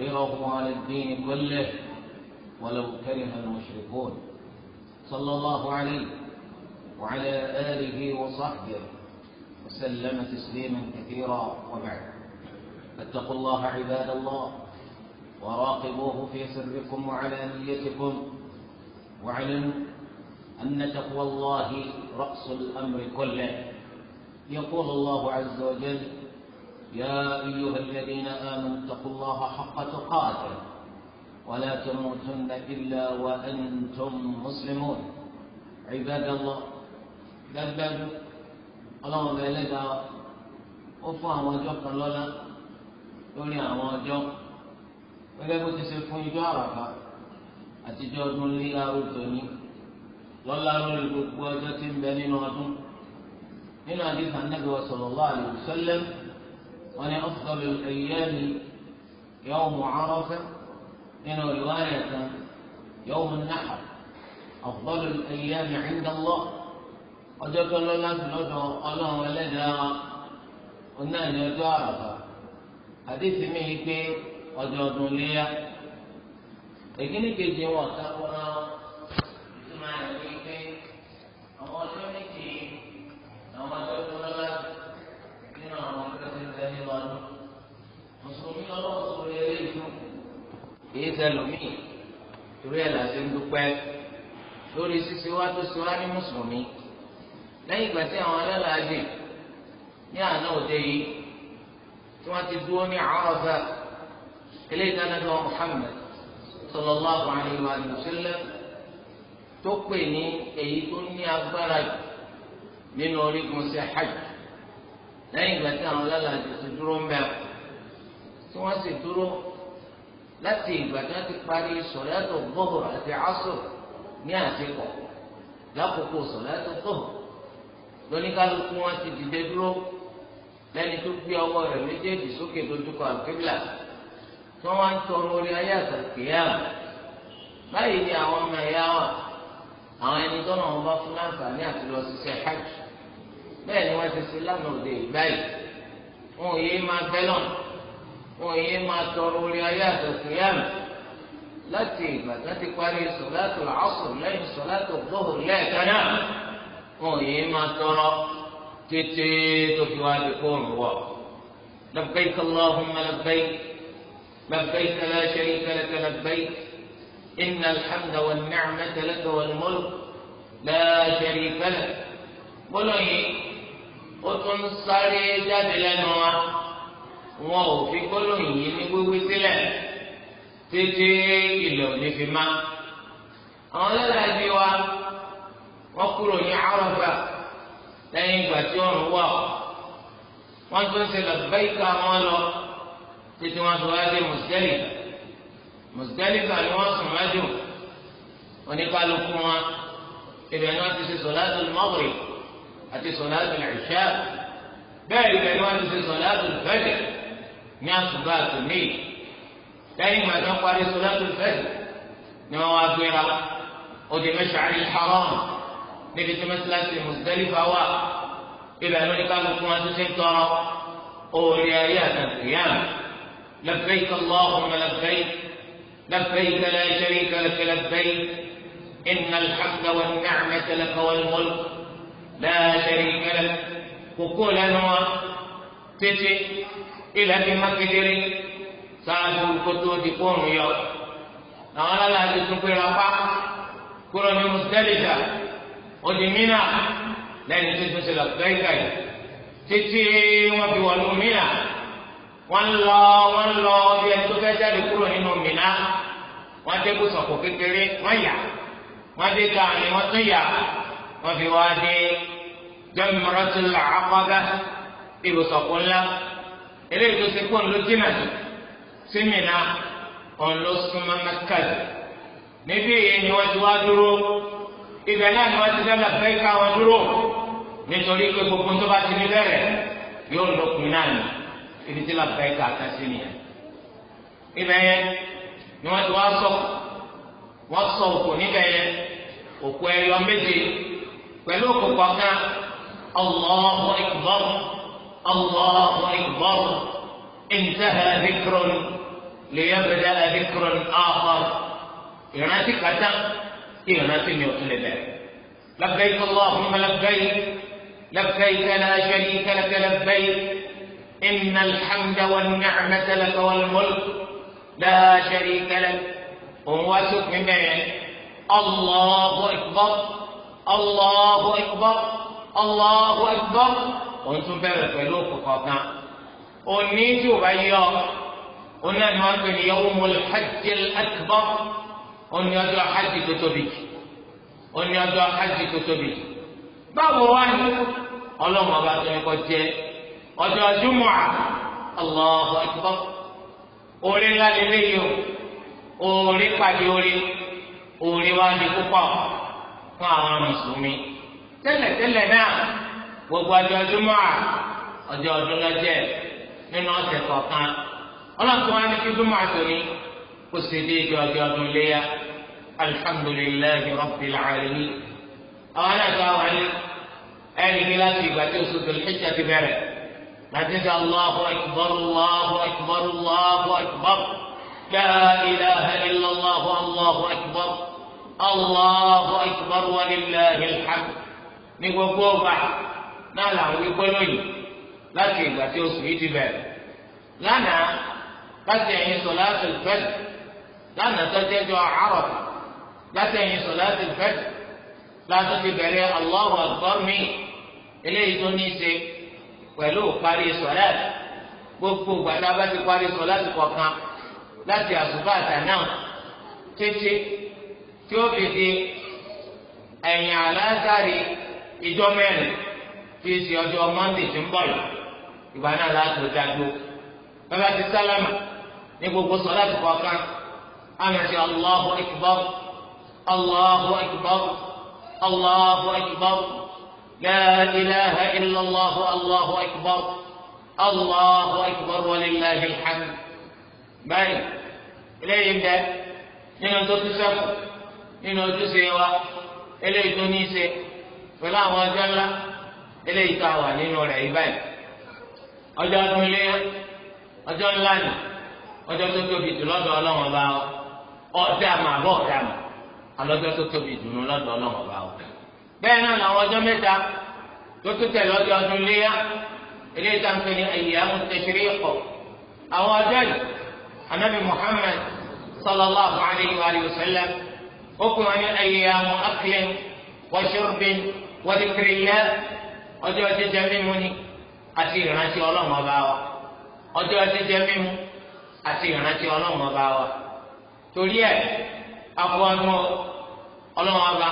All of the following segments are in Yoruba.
يظهره على الدين كله ولو كره المشركون صلى الله عليه وعلى آله وصحبه وسلم تسليما كثيرا وبعد فاتقوا الله عباد الله وراقبوه في سركم وعلى نيتكم واعلموا أن تقوى الله رأس الأمر كله يقول الله عز وجل يا أيها الذين آمنوا اتقوا الله حق تقاته ولا تموتن إلا وأنتم مسلمون عباد الله دبد الله بلدا وفا وجو قلولا دنيا وجو ولا بد سيكون جارك أتجاد لي أردني ولا رجل بوجة بني نوات هنا حديث النبي صلى الله عليه وسلم وأن أفضل الأيام يوم عرفة إن رواية يوم النحر أفضل الأيام عند الله وذكر الناس الأجر الله ولدها قلنا أن عرفة حديث ميكي وجود مليا لكن كي جوا كان kìí sẹlòmíì torí ẹ̀ là ṣe ń dúpẹ́ lórí ṣíṣe wá tó ṣe wá ní mùsùlùmí lẹ́yìn ìgbà tí àwọn alálàájì ní àná òde yìí tí wọ́n ti dúró ní Àrafà eléyìí náà nàbẹ́ wọn Muhammad sallallahu alayhi wa sallam tó pè ní èyí tó ní agbára jù nínú orígun sí hajj lẹ́yìn ìgbà tí àwọn alálàájì ti dúró ń bẹ̀rù tí wọ́n sì dúró láti ìgbà tí wọ́n ti parí sọ̀lẹ́tò gbọ́hùn àti asọ̀ ní àsìkò lákòókò sọ̀lẹ́tò gbọ́hùn lóníkálukú wọn ti dìde dúró lẹ́ni tó gbé ọwọ́ rẹ̀ méjèèjì sókè dojúkọ àkébìlà tí wọ́n wá ń tọrọ orí ayé àtàkìyàmù báyìí ni àwọn ọmọ ẹ̀yà wà àwọn ẹni tó náà wọ́n bá fún láǹfààní àti lọ ṣiṣẹ́ hajj bẹ́ẹ̀ ni wọ́n ti ṣe lánàá òde ìgbà yìí wọn ò yé máa fẹ́ lọ́nà wọn yé máa tọrọ orí ayé àtọkùnyàmù láti ìgbà tó ti parí sọláàtò àásùn lẹ́yìn sọláàtò gbóhùn lẹ́ẹ̀kan náà wọn yé máa tọrọ tètè tó fi wá di kóòrùn wọ. لبيك اللهم لبيك لبيك لا شريك لك لبيك إن الحمد والنعمة لك والملك لا شريك لك بلوي وتنصري جبلنا wọn ò fi gbólóhùn yìí ní wíwí sílẹ̀ títí ilẹ̀ òní fi má. àwọn ọlọ́dàájú wa wọ́n kúrò ní Àrafà lẹ́yìn ìgbà tí ọ̀run wà ó wọ́n tún ṣe làbẹ́ìkà wọn lọ títí wọ́n fi wá dé Muzdalifa Muzdalifa ni wọ́n sùn lájò oníkálukú wọn ibẹ̀ ni wọ́n ti ṣe sọ̀láàtù Maghrib àti sọ̀láàtù Ìṣá bẹ́ẹ̀ ni wọ́n ti ṣe sọ̀láàtù Fajr. ní àsùnbà àtúnlé lẹ́yìn ìgbà tó parí sọlátù fẹsẹ ni wọn wá gbéra òde mẹsàárì haram níbi tí mẹsàlásì Muzdalifa wà ibẹ̀ ló ní kálukú wọn tó ti ń tọrọ òòrì ayé àtàkùnyàn labbaik Allahumma labbaik labbaik la sharika laka labbaik innal hamda wan ni'mata laka wal mulk la sharika lak kókó lẹ́nu wa tete ilẹ̀ ti má kedere sáájú kótó di fóònù yọ àwọn alálàájú tún péra pa kúrò ní Muzdalifa odi Mina lẹ́yìn tó tún ṣe lọ gbẹ́gà yìí títí wọ́n fi wọ̀ nù Mina wọ́n lọ wọ́n lọ bí ẹni tó fẹ́ jáde kúrò nínú Mina wọ́n dé kó sọ̀kò kékeré wọ́n yà wọ́n dé ká ni wọ́n tún yà wọ́n fi wá dé Jamratul Aqaba ibùsọ̀kò ńlá. eléyìí tó ṣe pọ̀ ńlọ́jìnà jù símìnà ọ̀nlọ́sùnmọ́ nàkàlì níbí èyí ni wọ́n ti wá dúró ibẹ̀ náà ni wọ́n ti dábàá ká wọn dúró nítorí pé gbogbo tó bá ti ní yóò náà nù ibi tí ká ká sí nìyẹn yẹn ni ti wá sọ sọ òkò yẹn òkò méje الله أكبر انتهى ذكر ليبدأ ذكر آخر يناتي كتا يناتي نيوتن لبيك اللهم لبيك لبيك لا شريك لك لبيك إن الحمد والنعمة لك والملك لا شريك لك ومواسك من بين الله أكبر الله أكبر الله أكبر òun tún bẹ̀rẹ̀ pẹ̀lú òkùnkàn kan òní tí ò bá yọ òun náà ni wọ́n pè ní yawmul hajjil akbar òun ni ọjọ́ hajj tó tóbi òun ni ọjọ́ hajj tó tóbi báwo wá ní ọlọ́mọ bá tó ń jẹ ọjọ́ júmọ̀ Allahu akbar orí ńlá lélẹ́yìí o orí pàdé orí orí wá ní púpọ̀ fún àwọn mùsùlùmí tẹ́lẹ̀tẹ́lẹ̀ náà gbogbo ọjọ́ ọdúnmọ́ à ọjọ́ ọdún lọ́jẹ́ nínú ọ̀sẹ̀ kọ̀ọ̀kan ọlọ́tún wa ní kí dúnmọ́ àtòní kó sì dé ìjọ ọjọ́ ọdún léyà alihamudulilayi rabbil alamin àwọn àgbà wà ní ẹni ní láti ìgbà tí oṣù tó lè ṣe ti bẹ̀rẹ̀ láti ṣe aláhu akbar aláhu akbar aláhu akbar láà ilaha illallahu aláhu akbar aláhu akbar wa lillahi ní gbogbo ọgbà náà là ń wí pé lónìí láti ìgbà tí oṣù yìí ti bẹ̀rẹ̀ lánàá láti ẹ̀yìn sọ̀láàtì fẹ́ẹ̀dì lánàá tọ́jẹ́jọ́ àárọ̀tà láti ẹ̀yìn sọ̀láàtì fẹ́ẹ̀dì láti ti bẹ̀rẹ̀ Allahu Akbar mi eléyìí tó ní í ṣe pẹ̀lú parí sọ̀láàtì gbogbo gbàdá bá ti parí sọ̀láàtì kọ̀ọ̀kan láti àsùbá àtàná títí tí ó fi di ẹ̀yìn àlázàrí ìjọ mẹ́rin tí í ṣe ọjọ́ mọ́ndé tí ń bọ̀ yìí ìgbà náà láti dájú bàbá ti sálámà ní gbogbo sọlá ti kọ̀ọ̀kan àmì ti Allahu akbar Allahu akbar Allahu akbar la ilaha illallah Allahu akbar Allahu akbar walillahi alhamd báyìí eléyìí ń bẹ nínú tó tún sẹ́kù nínú ojúṣe wa eléyìí tó ní í ṣe pẹ̀lú àwọn ọjọ́ ńlá eléyìí tá a wà nínú rẹ̀ yìí báyìí ọjọ́ ọdún ilé ọjọ́ ńlá nì ọjọ́ tó tóbi jù lọ́dọ̀ ọlọ́run ọba ọdẹ àmà àbọ̀ ọdẹ àmà alọ́jọ́ tó tóbi jù lọ́dọ̀ ọlọ́run ọba o bẹ́ẹ̀ náà làwọn ọjọ́ mẹ́ta tó tó tẹ̀lé ọjọ́ ọdún ilé eléyìí tá a ń pè ní ayyamu tashriq àwọn ọjọ́ yìí anabi muhammad sallallahu alayhi wa sallam ó kún wọn ní ayyamu aklin wa shurbin wa ọjọ́ jíjẹ mímu ni àti ìrántí ọlọ́run ọba wa ọjọ́ jíjẹ mímu àti ìrántí ọlọ́run ọba wa torí ẹ̀ afọ́nmọ́ ọlọ́run ọba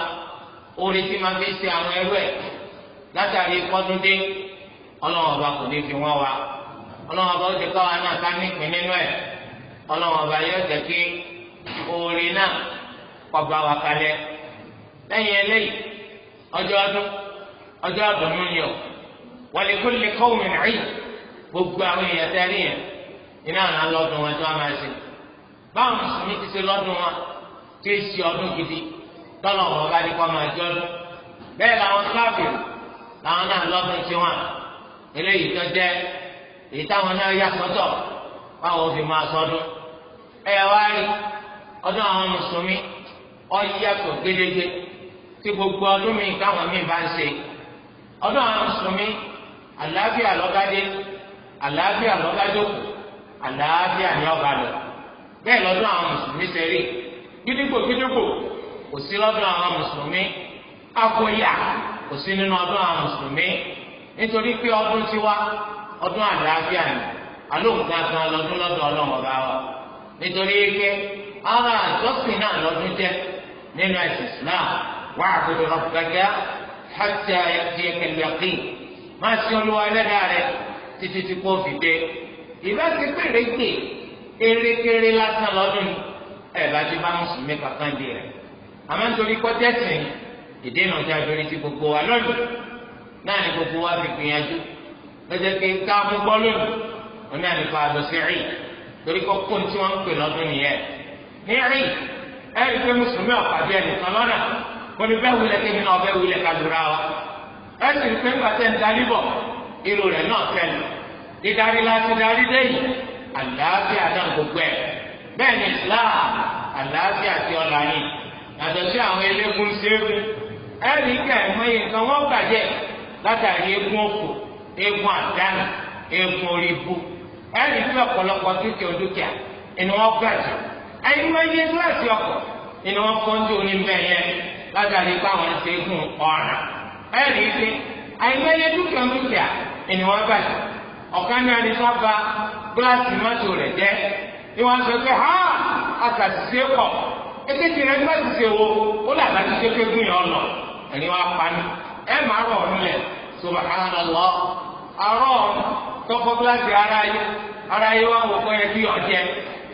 orí tí máa fi ṣe àwọn ẹrú ẹ̀ látàrí kọ́dúndé ọlọ́run ọba kò ní fi wọ́n wa ọlọ́run ọba ó ti náà ká nípìn nínú ọlọ́run ọba yóò jẹ́ kí orí náà kọ́ bá wa kalẹ̀ lẹ́yìn ọjọ́ ọjọ́ àbọ̀nú ni ọ wàlẹ́kùn lè kọ́ òun gbogbo àwọn èèyàn tẹ́lẹ̀ yẹn iná àná lọ́dún wọn tí a máa ṣe báwọn mùsùlùmí ti ṣe lọ́dún wọn ọdún gidi tọ́lọ̀ wọn bá ní kó máa jọ ọdún bẹ́ẹ̀ làwọn káfíìn làwọn náà lọ́dún wọn eléyìí tó jẹ́ èyí táwọn náà yà sọ́tọ̀ báwọn máa sọdún ẹ wá rí ọdún àwọn ọ yíyàtọ̀ gédégé tí gbogbo ọdún àwọn mùsùlùmí àlàáfíà lọ́gádé àlàáfíà lọ́gádókù àlàáfíà ní ọba lọ bẹ́ẹ̀ lọ́dún àwọn mùsùlùmí sẹ́rí gídígbò gídígbò kò sí lọ́dún àwọn mùsùlùmí kò sí nínú ọdún àwọn mùsùlùmí nítorí pé ọdún tiwa ọdún àlàáfíà ni lọ́dún lọ́dún wa nítorí pé ara àjọsìn náà lọ́dún nínú ẹ̀sìn Islam hàtí àyàtí ẹ̀kẹ́lẹ́kì máa ṣe olúwa ẹlẹ́dàá rẹ títí tí kò fi dé ìbá ti péré gbè erékeré lásán lọ́dún ẹ̀ bá ti bá mùsùlùmí kankan di rẹ̀ àmọ́ nítorí kọ́tẹ́sìn ìdènà ọjà lórí ti gbogbo wa lọ́dún náà ni gbogbo wa fi gbìyànjú lọ́jọ́ pé ká mú bọ́ lónìí wọn náà ní fa àlọ́ sí rí torí kọ́ kó tí wọ́n ń pè lọ́dún nìyẹn ní rí ẹ̀rí pé mùsùlùmí ọ̀pàdé ẹnìkan lọ́nà wọ́n ní bẹ́ẹ̀ wulẹ̀ kébi náà bẹ́ẹ̀ wulẹ̀ kadura wa ẹ sì ń pè ńgbà tẹ̀ ń darí bọ̀ irú rẹ̀ náà tẹ̀lé dídarí láti darí déyìí gbogbo ẹ̀ bẹ́ẹ̀ ni Islam àlàáfíà ti ọ̀la yìí yàtọ̀ sí àwọn eléegun séegun ẹ rí látàrí báwọn ṣe gùn ọ̀ràn ẹ rí i pé àìmọye dúkìá dúkìá ẹni wọn bàjẹ́ ọ̀kan náà ni wọ́n ba gíláàsì mọ́tò rẹ̀ jẹ́ ni wọ́n sọ pé ha àtàṣìṣe pọ̀ èkejì rẹ̀ nígbà tí ṣe wo ó lè àtàṣìṣe pé gùn yọ̀ lọ ẹni wọn pa ni ẹ máa rọ̀ ọ̀run lẹ̀ subhanallah àrọ̀ tọkọ gíláàsì ara yìí ara yìí wà wọ́pọ̀ yẹ kí ọ̀jẹ̀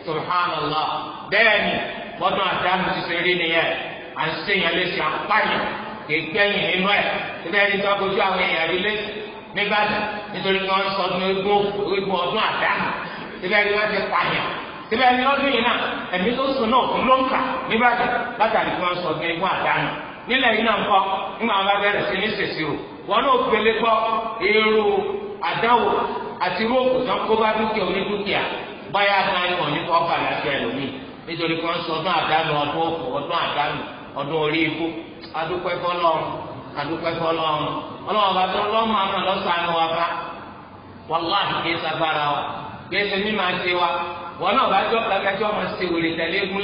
subhanallah bẹ́ẹ̀ ni wọ́n tún àti àmì ti rí nìyẹn. à ń sèyàn léṣe apáyàn kì í nínú ẹ̀ síbẹ̀ ẹni tó àwọn èèyàn rí léṣe nígbàdàn nítorí kí wọ́n sọdún egun egun ọdún àdá síbẹ̀ ẹni wọ́n ti pààyàn síbẹ̀ ẹni lọ́dún yìí náà ẹ̀mí tó sùn náà kún ló ń kà nígbàdàn látàrí kí wọ́n sọdún àdá nílẹ̀ yìí náà ọdún orí ikú adúpẹ́ fọlọ́run adúpẹ́ fọlọ́run ọlọ́run bá tó lọ́mọ àmọ́ lọ́sàn-án wa bá wàláhì kìí sagbára wa kìí ṣe mí máa ṣe wa wọn náà bá jọ kàkà tí wọn máa ṣe wòlé tẹ̀lé egun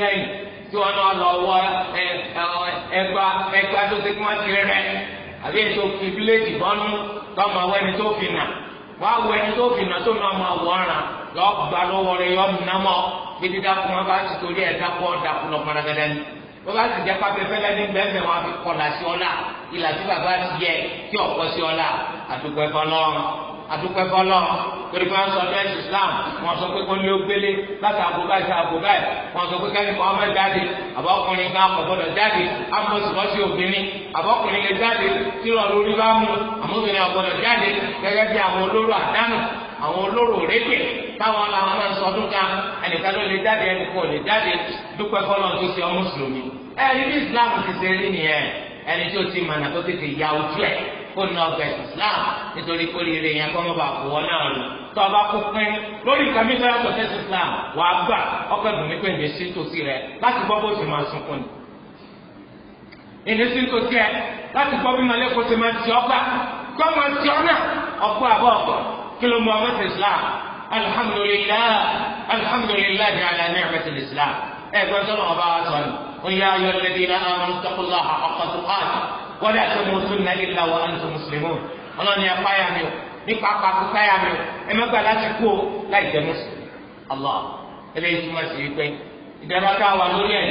tí wọn náà lọ wọ ẹgba ẹgba tó ṣe kí wọn ti rẹ àbí ètò bọ́nú tó máa wọ ẹni tó fi nà wọ́n á wọ ẹni tó wọ́n bá ti jẹ́ pápẹ́ fẹ́lẹ́ ní gbẹ́fẹ́ wọn fi kọ̀là sí ọ́lá ìlà tí bàbá ti yẹ kí ọ̀pọ̀ sí ọ́lá àdúgbò ẹ̀fọ́ lọ́rùn àdúgbò ẹ̀fọ́ lọ́rùn torí pé wọ́n sọ ní ẹ̀sìn Islam wọ́n sọ pé kó lé ogbélé láti àbúgbà sí àbúgbà ẹ̀ wọ́n sọ pé kẹ́ni kan ọmọ jáde àbọ̀kùnrin kan kò gbọdọ̀ jáde amọ̀sibọ́sí obìnrin àbọ̀kùnrin lè jáde tí ìrọ̀lú orí bá mú àmúbìnrin ọ̀gbọ̀dọ̀ jáde gẹ́gẹ́ bí àwọn olóró àdánù àwọn olóró rédíò táwọn làwọn máa ń sọdún ká ẹnìkan ló lè jáde ẹnìkan ò lè jáde dúpẹ́ kọ́lọ́ tó ṣe ọmú sùlùmí ẹni bí islam ti ṣe rí nìyẹn ẹni tí ó ti mọ̀nà tó tètè ya ojú ẹ̀ kó ní ọgbà islam nítorí kó lè rè yẹn kọ́ mọ́ bá kó wọ́n náà lò tó ọba kó pín lórí nǹkan mi sọ́yà tọ́tẹ́ sí islam wà á gbà ọkọ̀ ìbùnmí pé ìdè sí tòsí rẹ láti gbọ́ bó ti máa sunkún ni ìdè sí tòsí ẹ láti gbọ́ bí malẹ́kọ̀ọ́ ti máa ti ọgbà kọ́ máa ti ọ náà ọgbà àbọ̀ ọgbà kí ló mú ọmọ sí islam alhamdulilah alhamdulilah ala ni'mati islam ẹgbẹ́ sọ́nà ọba wa sọ ni wọ́n yá ayọ̀ lẹ́dí iná amanu taqullaha haqqa tuqati wa la tamutunna illa wa antum muslimun ọlọ́ni ẹ̀ páyà mi o nípa pàtó páyà mi o ẹ mẹ́gbà láti kú o láì jẹ́ mùsùlùmí allah eléyìí túmọ̀ sí pé ìdáná ká wà lórí ẹ̀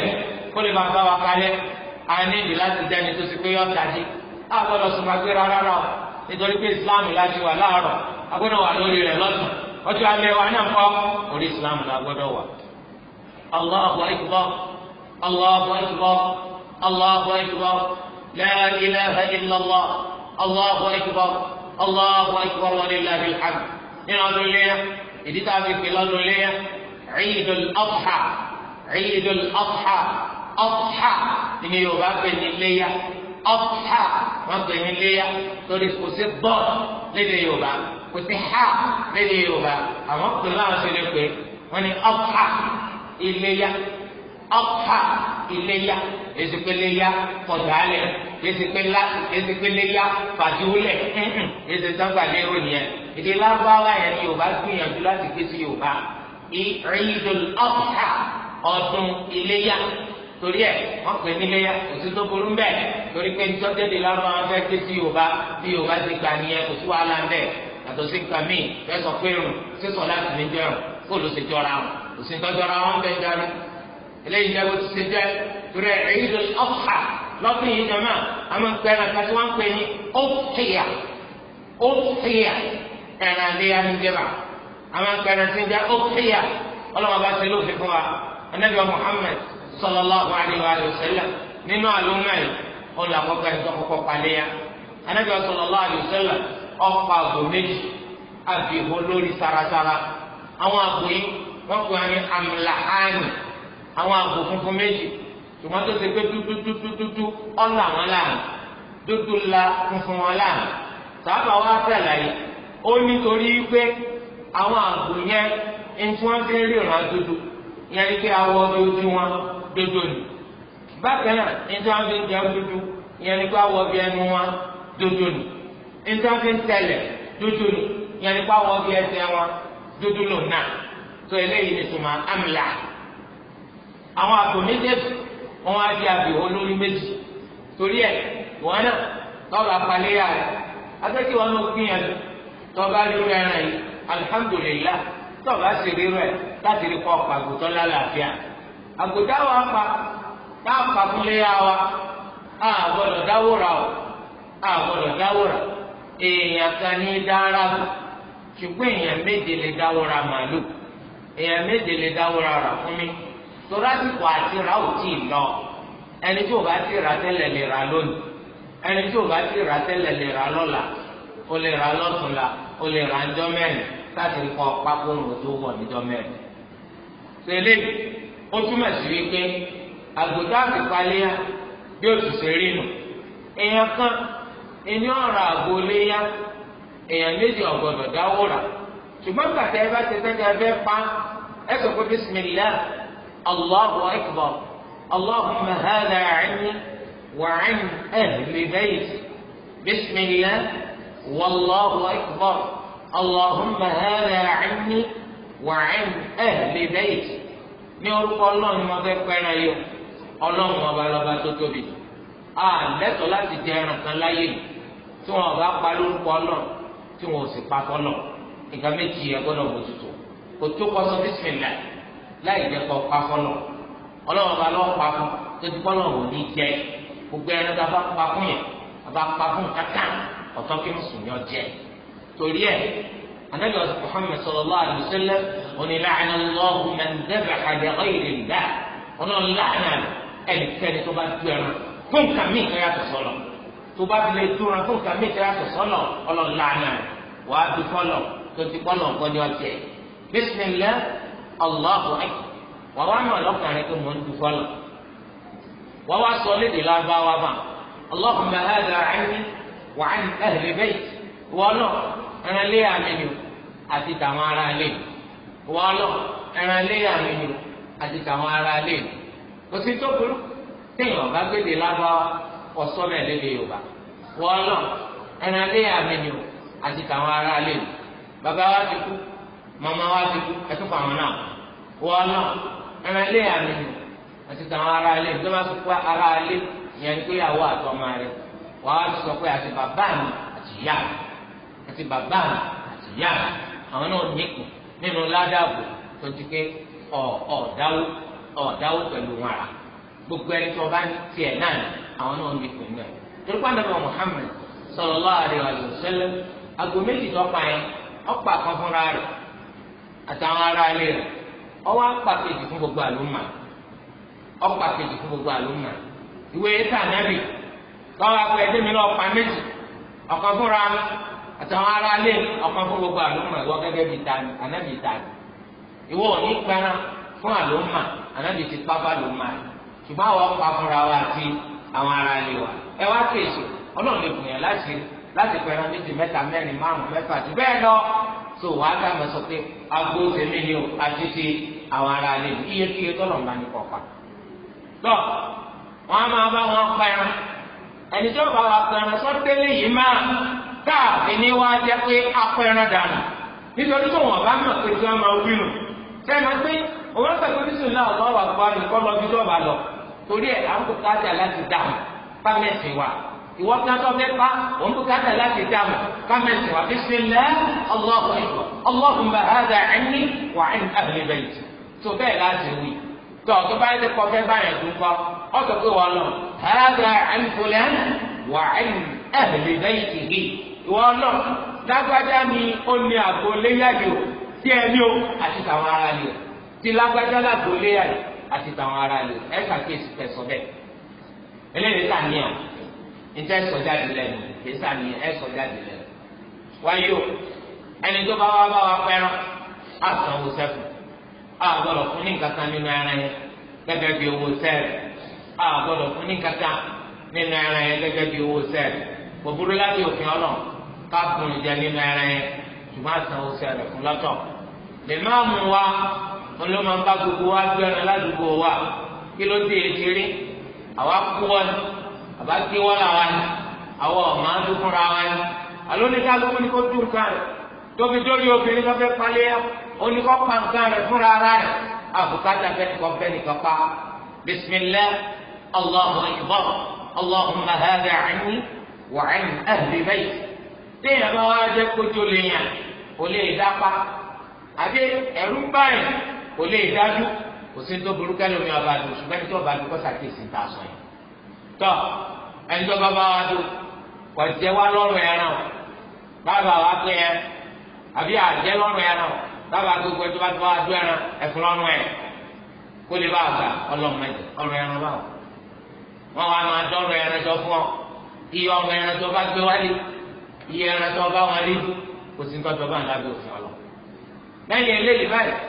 kó lè máa bá wa kalẹ̀ a ní ìdí láti dẹ́ni tó ti pé yọ̀ọ́ tàdí àgbọ̀dọ̀ sùnmọ́ gbé rárá rà o nítorí pé islam láti wà láàárọ̀ agbọ́dọ̀ wà lórí rẹ̀ lọ́sàn ọjọ́ alẹ́ wa náà kọ́ orí islam la gbọ́dọ̀ wà. allahu akbar allahu akbar allahu akbar la ilaha illallah allahu akbar allahu akbar wa lillahi alhamd nínú ọdún léyà ìdí tá a fi pèlú ọdún léyà ciidul adha ciidul adha adha ni yorùbá pè ní léyà adha wọn pè léyà torí kò sí bọ́ọ̀ lédè yorùbá kò sí ha lédè yorùbá àmọ́ pè láwọn ṣe lè pè wọ́n ní ọ̀pá iléyà ọ̀pá iléyà ezekeleya kọdalẹ ezekela ezekeleya fàdíwulẹ ezesangbadero yẹn èdè lágbára yẹn ni yorùbá gbìyànjú láti gbé sí yorùbá ìrìndòl ọ̀pá ọdún iléyà torí ẹ wọn pè ní iléyà òsì tó burú mbẹ torí pé nítorí tẹ́lẹ̀ lágbára fẹ́ gbé sí yorùbá bí yorùbá ti gbà nìyẹn kò sí wàhálà yàtọ̀ sí nǹkan míì fẹ́ sọ pé irun sísọ láti ní jẹun kó ló ṣe jọra wọn kò sí tọ́jọra wọn bẹ́ẹ̀ darí eléyìí jẹ́ bó ti ṣe jẹ́ torí ẹ̀yìn ló ọ̀fà lọ́dún yìí jọmọ́ àmọ́ pẹ́ẹ́rẹ́ kàtí wọ́n ń pè ní ọ̀fìyà ọ̀fìyà ẹ̀rọ àléyà ní jẹba àmọ́ pẹ́ẹ́rẹ́ ti ń jẹ́ ọ̀fìyà ọlọ́wọ́ bá ṣe lófin fún wa anabi Muhammad sallallahu alayhi wa sallam nínú àlùmọ́ yìí ó lọ àkọ́kọ́ ẹ̀ ọ̀pọ̀ àgbò méjì àbí ìhó lórí sarasara àwọn àgbò yìí wọ́n pè wọ́n ní amlaani àwọn àgbò funfun méjì ṣùgbọ́n tó ṣe pé dúdúdúdúdú ọ̀là wọn láàmú dúdú la funfun wọn láàmú sábà wá sàlàyé ó nítorí pé àwọn àgbò yẹn ẹni tí wọ́n fi ń ríran dúdú yẹn ni pé awọ dúdú wọn dúdú ni bákan náà ẹni tí wọ́n fi ń jẹun dúdú yẹn ni pé awọ bí ẹnu wọn dúdú ni ntaafin tẹ́lẹ̀ dúdú nù yanni kó àwọn bí ẹsẹ̀ wọn dúdú nù náà tó eléyìí ni tuma amla àwọn àpò méjèèjì wọn á di àbí olórí méjì torí ẹ wọn náà lọ́ọ̀rọ̀ apàlẹ́yà rẹ akẹ́kẹ́ wọn ló gbìyànjú tọ́ba rí ẹran yìí alihamudulilayi tọ́ba sì rí rẹ láti rí kọ́ ọ̀pọ̀ lálàáfíà àgùntàn wa pa táà pàkúlẹ́yà wa àgbọ̀dọ̀ dáwó ra o àgbọ̀dọ̀ dáwó ra o. èèyàn kan ní dára ṣùgbọ́n èèyàn méje lè dáwọ́ra màálù èèyàn méje lè dáwọ́ra rà fún mi torásìkò àti rà ò tí ì lọ ẹni tí o bá ti rà tẹ́lẹ̀ lè rà lónìí ẹni tí o bá ti rà tẹ́lẹ̀ lè o lè rà lọ́tùnla o lè rà ńjọ́ mẹ́rin láti kọ́ ohun tó wọ̀ níjọ́ mẹ́rin. ó túmọ̀ sí wípé àgùntàn àti bí kan ẹni ọ̀rọ̀ àgbo léyà èèyàn méjì ọ̀gbọ̀dọ̀ dáwó rà ṣùgbọ́n bàtà ẹ bá ti sẹ́ni abẹ́ pa ẹ sọ pé bisimilá allahu akbar allahumma hada ẹni wà ẹni ẹhìlì bẹ́yì bisimilá wàlláhu akbar allahumma hada ẹni wà ẹni ẹhìlì bẹ́yì ní orúkọ ọlọ́run ọba ẹgbẹ́rẹ́ yìí ọlọ́run ọba lọ́ba tó tóbi àlẹ́tọ̀ láti jẹ ẹran kan láyé yìí tí wọn bá pa lórúkọ lọ tí wọn ò sì pa tọlọ nǹkan méjì yẹn gbọ́dọ̀ tutù kò tó kọ bísímìlà láì jẹ kọ pa fọlọ Ọlọ́run bá lọ pa fún tóbi kọlọ ò ní jẹ gbogbo ẹni tá a bá pa fún yẹn a bá pa fún kàkà ọ̀tọ̀ kí mùsùlùmí ọjẹ torí ẹ anabi ọsẹ Muhammad sallallahu alaihi wasallam onílànà lọhùn mẹndẹbẹ àdẹrẹ ìrìndà Ọlọ́run lànà ẹnikẹ́ni tó bá du ẹran fún kàmí ìkẹyà tó sọlọ tó bá fi lè túra fún kàmí ìtẹ́yàtọ̀ sọ́nà ọlọ́lànà wàá fi kọ́nà tó ti kọ́nà ọ̀gbọ́n ní ọ̀tẹ̀ bísímilẹ́ ọlọ́hu ẹ̀ wà wá mọ̀ lọ́kàrin pé mò ń du kọ́nà wà wá sọ lédè lárúbáwá mà ọlọ́hùnmá hàdà ẹni wà á ẹ̀rẹ̀ bẹ́ẹ̀ wọ́nà ẹran lé àmì àti tàwọn ará lé wọ́nà ẹran lé àmì àti tàwọn ará lé kò kọ sọ́bẹ̀ lédè yorùbá wọ́n lọ ẹran léyà mẹ́ni o àti tàwọn ará lè o bàbá wa ti kú màmá wa ti kú ẹtú fún àwọn náà wọ́n lọ ẹran léyà mẹ́ni o àti tàwọn ará lè lò tó bá sọ pé ará lè yẹn ń péyàwó àtọ́mọ rẹ wọ́n á sọ pé àti bàbá mi àti ìyá mi àti bàbá mi àti ìyá mi àwọn náà níkùn nínú ládàbò tó ti pé ọ̀ ọ̀ dáwó ọ̀ dáwó pẹ̀lú wọn àrà. gbogbo ẹni tó bá tiẹ̀ náà àwọn náà ń bí pè náà torí pàdé bá Muhammad sallallahu alaihi wasallam àgọ méjì tó pa yẹn ọ̀pá kan fúnra rẹ̀ àtàwọn ará ilé rẹ̀ ọwọ́ kejì fún gbogbo àlùmà kejì fún gbogbo àlùmà ìwé lọ́wọ́ ẹ̀dẹ́ mi lọ́ọ́ pa méjì ọ̀kan fúnra àtàwọn ará ilé ọ̀kan fún gbogbo àlùmà gẹ́gẹ́ ṣùgbọ́n àwọn ọkọ̀ afọ́ra wa àti àwọn ará ilé wa ẹ wá kéèsì ọlọ́run lè gbìyànjú láti láti pẹ̀lú méjì mẹ́ta mẹ́rin márùn mẹ́fà àti bẹ́ẹ̀ lọ tó wàá dá mọ̀ sọ pé agbó tèmi ni o àti ti àwọn ará ilé mi iye kíye tọ́lọ̀ ń bá ní kọ̀ọ̀pá. lọ wọn a máa bá wọn pa ẹran ẹni tó bá wa pa ẹran sọ tẹ́lẹ̀ yìí máa káàbí ni wá jẹ́ pé akọ dànù nítorí tó wọn bá mọ̀ pé tí wọ́n máa wí nù sẹ́yìn máa gbé òun lọ́sàgbé bísí torí ẹ̀ à ń bùkátà láti dààmú fámẹ́sì wa ìwọ kan tó fẹ́ pa ò ń bùkátà láti dààmú fámẹ́sì wa bisimilá ọlọ́hùn ẹ̀kọ́ ọlọ́hùn bá a dà ẹni wà ẹni àbẹ̀lẹ̀ bẹ̀yì tó bẹ́ẹ̀ láti wí tó tó bá yẹ kọ́ fẹ́ báyẹn tó kọ́ ọ sọ pé wọ́n lọ hàdà ẹni fúlẹ̀ wà ẹni àbẹ̀lẹ̀ bẹ̀yì tìhì ìwọ lọ lágbájá ni ó ní àgbo léyàdì o tí ẹni o àti tàwọn ará ni o ti lágbájá lágbo léyàdì àti tàwọn ará lè ẹ ṣàkíyèsí kẹsọ bẹ́ẹ̀ eléyìí sàníyàn níta ẹ sọ jáde lẹ́nu kì í sàníyàn ẹ sọ jáde lẹ́nu wáyé o ẹni tó bá wá bá wa pẹ́ràn á san owó sẹ́kù á gbọ́dọ̀ fún ní kankan nínú ẹran yẹn gẹ́gẹ́ bí owó sẹ́ẹ̀rì á gbọ́dọ̀ fún ní kankan nínú ẹran yẹn gẹ́gẹ́ bí owó kò burú láti òfin ká wọn ló máa ń bá gbogbo wa gbẹran ládùúgbò wa kí ló dé eré àwa kú wọn àbá gé wọn làwa ni àwọn ọmọ adó fúnra wa ni àló ní ká lóko ní kó dùn ká rẹ tóbi dórí obìnrin tó fẹ́ palẹ́ yá oníkọ́ pa rẹ fúnra ara rẹ àbùkátà fẹ́ni kọ́ fẹ́ni kọ́ pa bisimilá allahu akbar allahumma hada ani wa ani ahli bayi téèyàn bá wá jẹ́ kótó lèèyàn kò lè dápa àbí ẹ̀rú báyìí kò lè dájú kò sí tó burúkú ẹlòmíì ọba dùn ṣùgbọ́n ẹni tó ọba dùn kọ́ sàkíyèsí ta sọ yìí tọ́ ẹni tó bàbá wa dùn kò jẹ́ wá lọ́rùn ẹran bàbá wa pé ẹ àbí àjẹ́ lọ́rùn ẹran bàbá gbogbo ẹni tó bá tó wá dùn ẹran ẹ̀fọn lọ́rùn ẹ̀ kó lè bá àgbà ọlọ́mọdé ọrùn ẹran báwọn wọn wá máa dọ́rùn ẹran jọ fún ọ iye ọmọ ẹran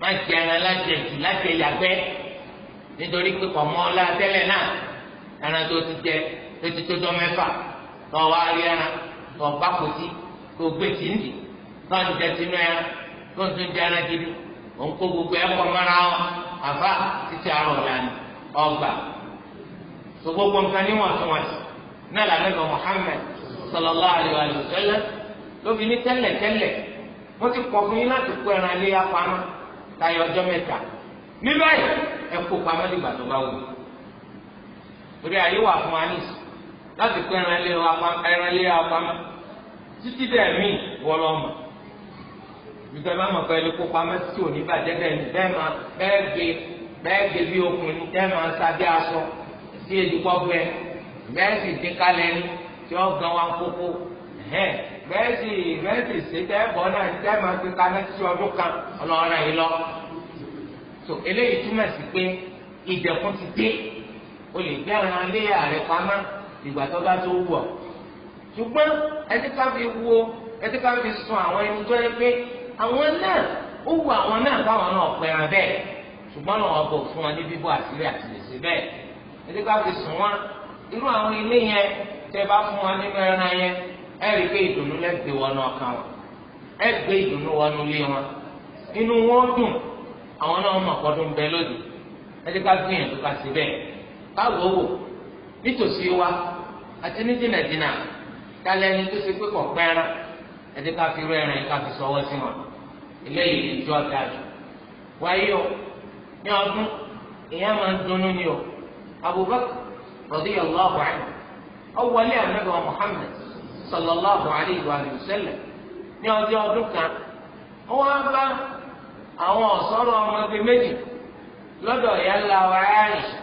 má jẹ ẹran lájẹjù lájẹyàgbẹ́ nítorí pé kò mọ́ ọ́lá tẹ́lẹ̀ náà ẹran tó ti jẹ tó ti tó dán mẹ́fà lọ́ wá rí ẹran lọ́ bá kò sí kò gbé tìǹdì lọ́ ti jẹ sínú ẹran tó ń tún jẹ ẹran gidi òun kó gbogbo ẹ̀ pọ̀ mọ́ra wọn àbá títí àárọ̀ lánàá ọgbà so gbogbo nǹkan níwọ̀ntúnwọ̀nsì náà lànàbẹ̀ Muhammad sallallahu alayhi wa sallam lóbi ní tẹ́lẹ̀ tẹ́lẹ̀ wọ́n ti kọ̀ fún yín láti kó ẹran ilé apamọ́ tayọ ọjọ́ mẹ́ta ní báyìí ẹ kó pamọ́ dìgbà tó bá wù mí. orí ayé wà fún anis láti kó ẹran lé wa pamọ́ títí dẹ̀ mí wọ́n lọ́ mọ̀ gbígbẹ́ bá mọ̀ pé ẹni kó pamọ́ tí ò ní bàjẹ́ bẹ́ẹ̀ ni bẹ́ẹ̀ máa bẹ́ẹ̀ gbé bẹ́ẹ̀ gbé bí okùn ni bẹ́ẹ̀ máa sábẹ́ aṣọ sí edukọ́ bẹ́ẹ̀ bẹ́ẹ̀ sì dín kálẹ̀ ni tí ó gan wa kókó ẹ̀hẹ́n bẹ́ẹ̀sì bẹ́ẹ̀sì ṣètẹ́bọ̀ náà ṣiṣẹ́ máa gbé kaná sí ọdún kan ọlọ́ọ̀rẹ́ yìí lọ. tó eléyìí túmọ̀ sí pé ìdẹ̀kùn ti dé o lè gbé ẹran lé ààrẹ pamọ́ ìgbà tó bá tó wù ọ́. ṣùgbọ́n ẹtí ká fi wo ẹtí ká fi sun àwọn ẹni tó yẹ pé àwọn náà ó wù àwọn náà káwọn náà pẹ̀ràn bẹ́ẹ̀ ṣùgbọ́n náà wọ́n bọ̀ fún wọn ní bíbọ̀ àṣírí àtìlẹ́sí bẹ́ẹ̀ ẹtí ká fi sùn wọn irú àwọn ilé yẹn tẹ bá fún wọn nínú ẹran yẹn ẹ rí i pé ìdùnnú lẹ́gbẹ̀ẹ́ wọnú ọkàn wọn ẹ gbé ìdùnnú wọnú ilé wọn inú wọn dùn àwọn náà mọ̀ ọdún bẹ lóde ẹ jẹ́ ká gbìyànjú ká sí bẹ́ẹ̀ káwọ́ wò nítòsí wa àti ní dínàdínà kálẹ̀ ẹni tó ṣe pé ká fi rú ká fi sọwọ́ sí wọn eléyìí sallallahu alayhi wa sallam ní ọjọ́ ọdún kan wọ́n á bá àwọn ọ̀sọ́rọ̀ ọmọge méjì lọ́dọ̀ ìyá ńlá wa Aisha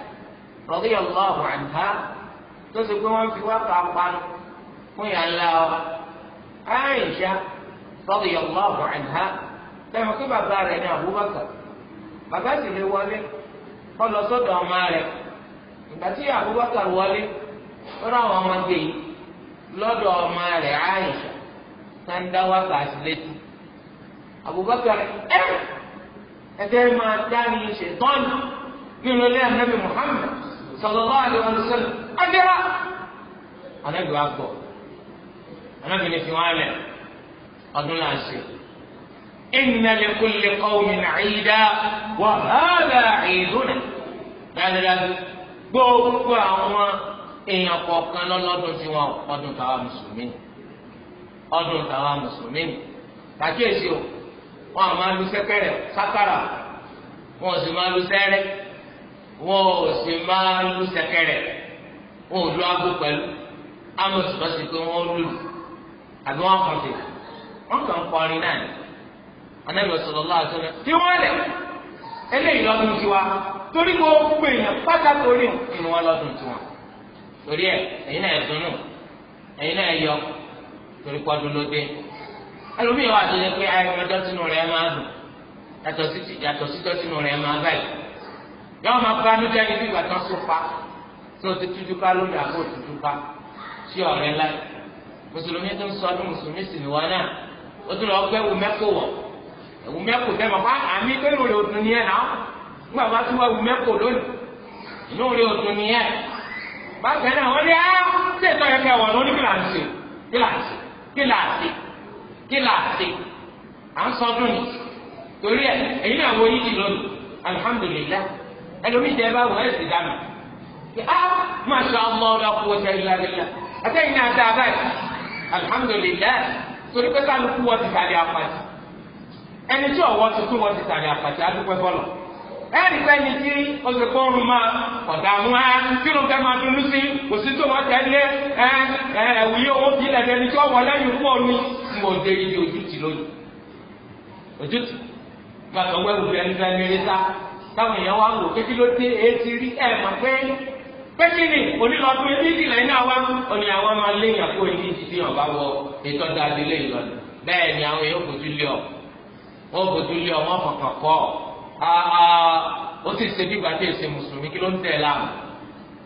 radiyallahu anha tó ṣe pé wọ́n fi wá pa panu fún ìyá ńlá wa Aisha radiyallahu anha tẹ̀wọ́n pé bàbá rẹ̀ ní Abubakar bàbá sì lè wọlé kọ́ lọ sọ́dọ̀ ọmọ rẹ̀ ìgbà tí Abubakar wọlé ó rà wọn yìí lọ́dọ̀ ọmọ rẹ̀ Aisha sanda wákàtí létí Abubakar ẹ ẹfẹ máa dání ṣètọ́n nínú ilé anabi Muhammad sallallahu alaihi wa sallam adéwà anabi wa gbọ́ anabi ní tiwọn alẹ ọdún náà ṣe inna li kulli qawmin 'ida wa hadha 'iduna dáadáa gbogbo àwọn èèyàn kọ̀ọ̀kan lọ́lọ́dún tí wọn ọdún tàwa mùsùlùmí ọdún tàwa mùsùlùmí kàkíyèsí o wọn àmọ́ lu sẹ́kẹ̀rẹ̀ sákàrà wọn ò sì máa lu sẹ́rẹ́ wọn ò sì máa lu sẹ́kẹ̀rẹ̀ wọn ò lu aago pẹ̀lú amos lọ sí pé wọn lù àbí wọn kàn sí wọn kàn kọrin náà ni anábìyẹ sọlọ lọ àti ọlọ tí wọn lẹ eléyìí lọ́dún tiwa torí kó gbé yẹn pátá torí lọ́dún tiwọn. torí ẹ ẹ̀yin náà ẹdùnú ẹ̀yin náà yọ torí kọdún ló dé ẹlòmíì wà tó ṣe pé ayọmọ dọtínú rẹ máa dùn yàtọ̀ sí dọtínú rẹ máa yọọ máa bá níjà níbi pa ti sí ọ̀rẹ́ mùsùlùmí tó ń sọ ọdún mùsùlùmí sì ni wọn náà tún lọ gbẹ wùmẹ́kò wọ̀ wùmẹ́kò mọ̀ ah, àmì òtún ni ẹ̀ náà ń gbà wùmẹ́kò lónìí òtún ni ẹ̀ bákan náà wọ́n ní á ṣe ìtọ́ yẹn kẹwọ́n lórí kíláàsì kíláàsì kíláàsì kíláàsì à ń sọdún ni torí ẹ èyí náà wọ́n yí di lónìí alihamudulilayi ẹlòmíì jẹ́ bá wọ́n ẹ̀ sì dáná á masha Allah la quwwata illa billah àtẹ̀yìn náà dáa báyìí alihamudulilayi torí pé kálukú wọ́n ti tàbí apàtì ẹni tí ọ̀wọ́ ti wọ́n ti tàbí apàtì adúpẹ́ bọ́lọ̀. ẹnì pẹ́ ni tí ó ti kọ́ ọrùn máa ọ̀dà wọn á kí ló fẹ́ máa dunú sí kò sí tó wọn tẹ̀lé ẹ ẹ ẹ̀wù yìí ó bí ẹ̀dẹ̀ ni tí wọ́n wọ lẹ́yìn rúbọ̀ ni mo dé ibi ojútì lónìí mẹ́rin sá táwọn èèyàn wá wò kékeré rí ẹ̀ pé onílọ́dún ìdílé ọ̀nì àwọn máa léyìn ọ bụ ọ kọ́ ó sì ṣe bí gbàtẹ́ ṣe mùsùlùmí kí ló ń tẹ̀ láàmú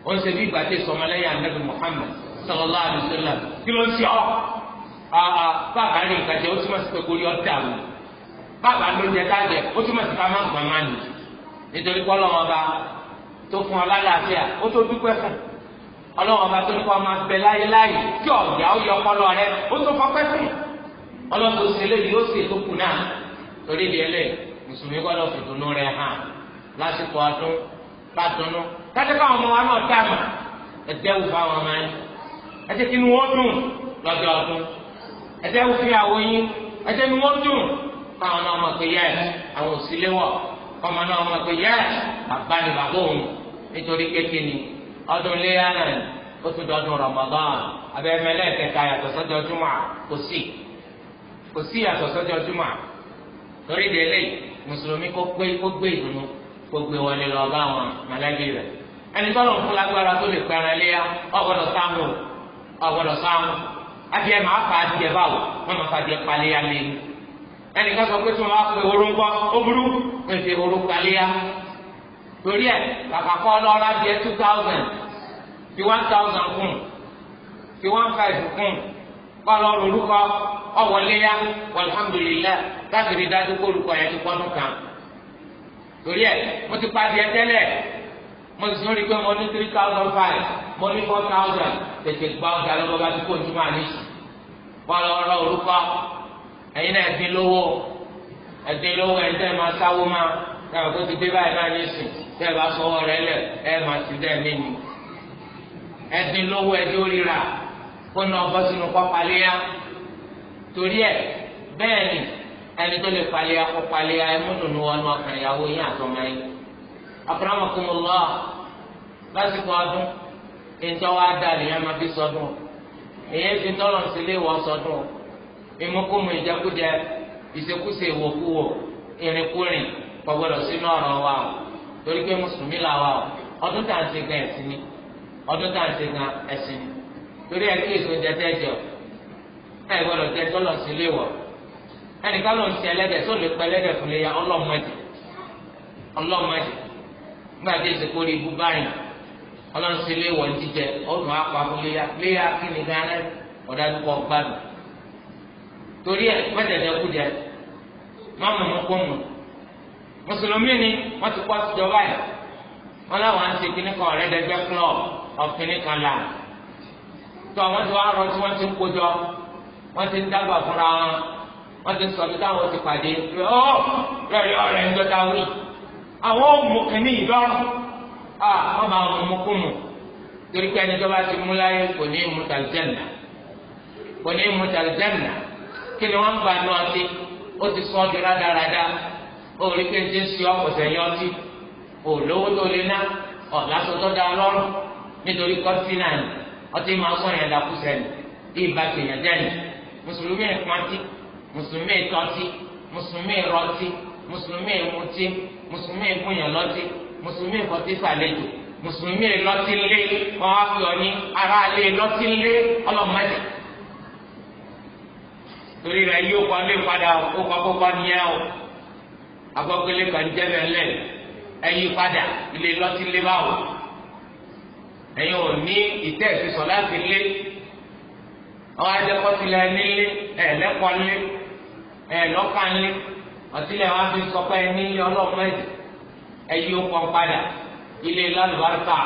ó ń ṣe bí gbàtẹ́ sọmọlẹ́yìn anabi Muhammad sallallahu alaihi wasallam kí ló ń ṣe ọ́ bàbá ní nǹkan jẹ ó túmọ̀ sí pé kórí ọ̀dà wò bàbá ló ń jẹ káàjẹ ó túmọ̀ sí pé a máa ń gbà máa nì nítorí pé ọlọ́wọ́n ọba tó fún ọ lálàáfíà ó tó dúpẹ́ fún ọlọ́wọ́n ọba tó ní kó máa bẹ láyé láyé kí ọ̀gá ó yọ ọpọlọ rẹ ó tó fọpẹ́ fún ọlọ́wọ́n tó ṣe léyìí ó sì tó kù náà mùsùlùmí gbọ́dọ̀ fòdùnú rẹ̀ hàn lásìkò ọdún kátùnú kátàkà ọmọ wa náà tà mà ẹdẹwù fáwọn ọmọ yẹn ẹjẹ kí ni wọn dùn lọ́jọ́ ọdún ẹdẹwù fi àwọn yín ẹjẹ ni wọn dùn káwọn náà mọ̀ pé yẹ àwọn òsílẹ wọ kọmọ náà mọ̀ pé yẹ bàbá ni bàbá òun nítorí kékeré ni ọdún léyà náà ó tún dọdún Ramadan abẹ́mẹ́lẹ́ kẹta yàtọ̀ sọ́jọ́ júmọ̀ kò sí kò sí yàtọ̀ sọ́jọ́ júmọ̀ torí délé yìí mùsùlùmí kó gbé kó gbé ìdùnnú kó gbé wọlé lọ bá àwọn mọ̀lẹ́bí rẹ̀ ẹni tọ́lọ̀ fún lágbára tó lè pẹ́ran léyà ọ̀gbọ́dọ̀ sáhùn ọ̀gbọ́dọ̀ sáhùn adìẹ máa fa adìẹ báwò wọ́n máa fa adìẹ paléyà lé ẹnì kan sọ pé tí wọ́n bá pe orúkọ ó burú wọ́n ti orúkọ paléyà torí ẹ̀ kàkà kọ́ lọ́ra adìẹ two thousand fi one thousand kún fi one five kún kọlọ lórúkọ ọwọléyà walhamdulillah láti rí dájú kó olùkọ yẹn ti pọnú kan torí ẹ mo ti pa tiẹ̀ tẹ́lẹ̀ mo ti sọ rí pé mo ní three thousand five mo ní four thousand tètè gba ọjà lọ́wọ́ bá ti kó ntúmọ̀ àní kọlọ lọ olùkọ ẹ̀yin náà ẹ̀dín lówó ẹ̀dín lówó ẹ̀dín máa sáwó máa náà kó ti dé báyìí náà ní sìn tẹ́ ẹ bá sọ ọwọ́ rẹ ẹ máa ti dẹ́ mí ni ẹ̀dín lówó ẹ̀dín ó kó náà bọ́ sínú kọ́ paléyà torí ẹ̀ bẹ́ẹ̀ ni ẹni tó lè paléyà kọ́ paléyà ẹ mú nùnú wọn ọkàn ìyàwó yín àtọmọ yín akramakumullah lásìkò ọdún ìjọ wa dá lèyàn máa fi sọdún èyí fi tọrọ wọ sọdún ìmúkúmu ìjẹkújẹ ìwòkúwò ìrìnkúrìn sínú wa o torí pé mùsùlùmí o ọdún gan ni ọdún gan torí ẹ kí èso jẹ tẹjọ ẹ gbọ́dọ̀ jẹ tọlọ sí ilé wọ ẹnìkan ló ń ti ẹlẹ́dẹ̀ tó lè pẹ ẹlẹ́dẹ̀ fún léya ọlọmọdé ọlọmọdé nígbà tí èso kórè ibú báyìí Ọlọ́run sí ilé wọ jíjẹ ọdún apá fún léya léya kí ni gánà ọdá dúpọ gbàdùn torí ẹ mẹtẹẹdẹ kú jẹ mọmọ mọ kó mọ mùsùlùmí ni wọn ti kó àtijọ́ báyìí wọn làwọn á ń ṣe kíníkan ọ̀rẹ́dẹ́gbẹ́ club ọ̀fìnìkan tó àwọn ti wá rọ tí wọ́n ti ń kójọ wọ́n ti ń dàgbà fúnra wọn wọ́n ti sọ nígbà wọ́n ti pàdé ọ rẹ̀ ọ̀rẹ́ ń dọ́ta wí. àwọn òmùkìní ìdọ́rùn à wọ́n máa mú mú kú mu torí pé ẹni tó bá ti mú láyé kò ní mú tàlìjẹ́nà kò ní mú tàlìjẹ́nà kí ni wọ́n ń gbà náà sí ó ti sọ ọdún rádaràda ó rí pé ti ń ṣe ọ̀pọ̀sẹ̀ yọ ọtí ò lówó tó lé ná ọ̀ lásán tó dá lọ́rùn nítorí kọ́tínà ni ọtí máa sọ yẹn lakú sẹ́nu bí ìbá tèèyàn dẹ́nu mùsùlùmí ìpọ́ntì mùsùlùmí ìtọ́tì mùsùlùmí ìrọtì mùsùlùmí ìmutí mùsùlùmí ìpúnyàn lọ́tì mùsùlùmí ìfọtí sàlejò mùsùlùmí ìlọ́tì lé wọn á fi ọ̀ní ara lé lọ́tì lé ọlọ́mọdé torí rẹ yóò kọ́ lé padà ó kọ́ kó kọ́ níyà o agbọ́gbélé kan jẹ́ bẹ́ẹ̀ lẹ́ ẹ̀yí padà ilé lọ́tì lé báwo. ẹ̀yin ò ní ìtẹ́ ìsísọ láti lé ọwọ́ ajẹ́kọ́sílẹ̀ nílé ẹ̀ lẹ́kọ̀ọ́lé ẹ̀ lọ́kànlé ọtílẹ̀ wa fi sọ pé ẹni ọlọ́mọdé ẹ̀yin ó pọ́n padà ilé lálùbáríkà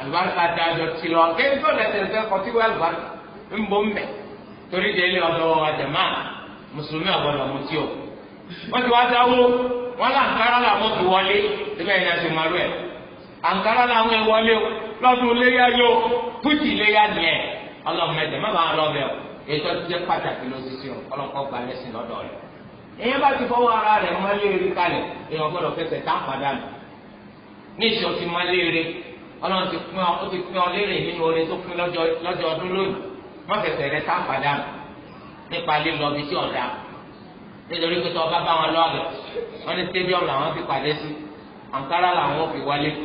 àlùbáríkà tá a ti lọ kéńtó lẹ́sẹ̀sẹ̀ kọtí àlùbáríkà ń bọ́ torí délé ọ̀dọ́ àjàmá mùsùlùmí àgbọ̀dọ̀ mutí o wọ́n ti wá dáwó àǹkárá làwọn ẹ̀ wọlé o lọ́dún léyà yó fújì léyà nìyẹn ọlọ́mọ ẹ̀jẹ̀ má bàa lọ́bẹ̀ o ètò ti jẹ́ pàtàkì ló ti sí o ọlọ́kọ́ gba lẹ́sìn lọ́dọ̀ rẹ̀ èyàn bá ti fọwọ́ ara rẹ̀ má léèrè kalẹ̀ èyàn gbọ́dọ̀ fẹsẹ̀ tá àpàdánù ní ìṣó ti má ọlọ́run ti pín ọ ti pín ọ léèrè nínú oore tó pín lọ́jọ́ ọdún lónìí má fẹsẹ̀ rẹ̀ tá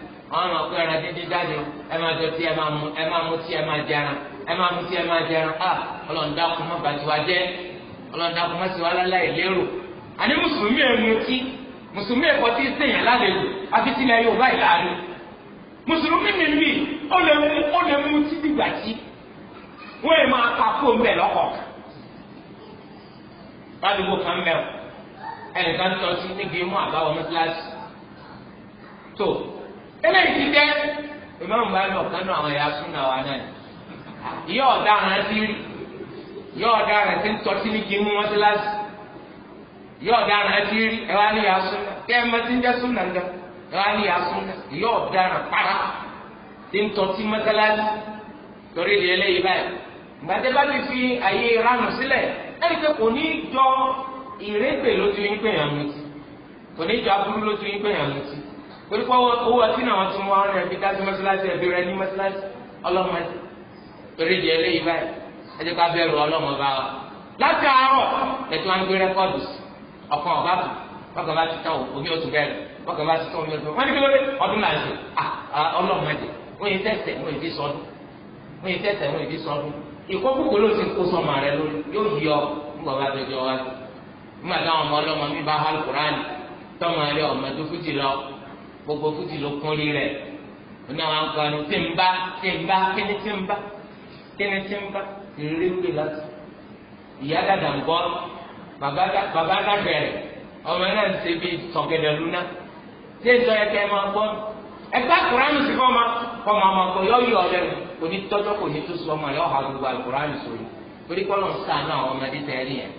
àwọn ọmọ ọkọ ẹran dídí jáde o ẹ máa jọ tí ẹ máa mú ẹ máa mú tí ẹ máa jẹran ẹ máa mú tí ẹ máa jẹran a ah, ọlọ́run dákun má bàtí wa jẹ́ ọlọ́run dákun má sì wá láláì lérò àní mùsùlùmí ẹ̀ mutí mùsùlùmí ẹ̀kọ́ tí ń sèyàn lálejò àfi tí ilẹ̀ yorùbá ìlànà mùsùlùmí mi mi ó lè mú ó lè mú tí dìgbà tí wọ́n yẹ máa ka fóun bẹ́ẹ̀ lọ́kọ̀ ládùúgbò kan mẹ́wọ̀ ẹnìkan tọ́ eléyìí ti jẹ́ ìmọ̀mù bá lọ kánú àwọn ẹ̀yà súnà wa náà ìyá ọ̀dà àwọn ẹtí rí ìyá ọ̀dà àwọn ẹtí ń tọ́tí ní kí mú wọn sí láti ìyá ọ̀dà àwọn ẹtí rí ẹ wá ní ìyá súnà kẹ́ ẹ mọ́tí ń jẹ́ súnà ńlá ẹ wá ní ìyá súnà ìyá ọ̀dà àwọn para ti ń tọ́tí mọ́sálásí torí ìdí eléyìí báyìí gbàtẹ́ bá ti fi àyè ránù sílẹ̀ ẹni kò ní torí pé owó ẹtí náà wọ́n tún wá rẹ̀ bí dásí mọ́sálásí ẹ̀bí rẹ̀ ní mọ́sálásí ọlọ́mọdé torí di eléyìí báyìí ẹjẹ ká bẹ̀rù ọlọ́mọ bá wa láti àárọ̀ ẹ̀tọ́ à ń gbé rẹ́kọ́dù ọ̀kan ọ̀bá bù wọ́n bá ti tán omi ọ̀tún bẹ̀rẹ̀ wọ́n bá ti tán omi ọ̀tún wọ́n ní kí ló dé ọdún là ń ṣe ọlọ́mọdé wọ́n yìí tẹ̀sẹ̀ wọ́n yìí fi sọdún wọ́n yìí tẹ̀sẹ̀ wọ́n yìí fi sọdún ìkókòkò ló ti kó sọmọ rẹ lórí yóò yọ nígbà bá tẹjọ wá nígbà táwọn ọmọ ọlọ́mọ mi bá hàlùkùránì tọmọ rẹ ọmọ tó fújì lọ gbogbo fújì ló kún rí rẹ̀ oní àwọn akọni tí ń bá tí ń bá kíni tí ń bá kíni tí ń bá ìrírí wúlò láti ìyá dàda ń bọ́ bàbá dàgbẹ̀rẹ̀ ọmọ náà ń ṣe bíi sọ̀gẹ̀dẹ̀ lúná tí èso ẹ̀kẹ́ máa gbọ́ ẹgbẹ́ kùránì sí fọ́ọ̀mà fọ́ọ̀mà ọmọ akọ yọ yọ ọ̀rẹ́ kò ní tọ́jọ́ kò ní tó sọ ọmọ yọ ọ̀hà gbogbo alukùránì sórí torí kọ́lọ́ ń sàánú àwọn ọmọdé tẹ̀lé yẹn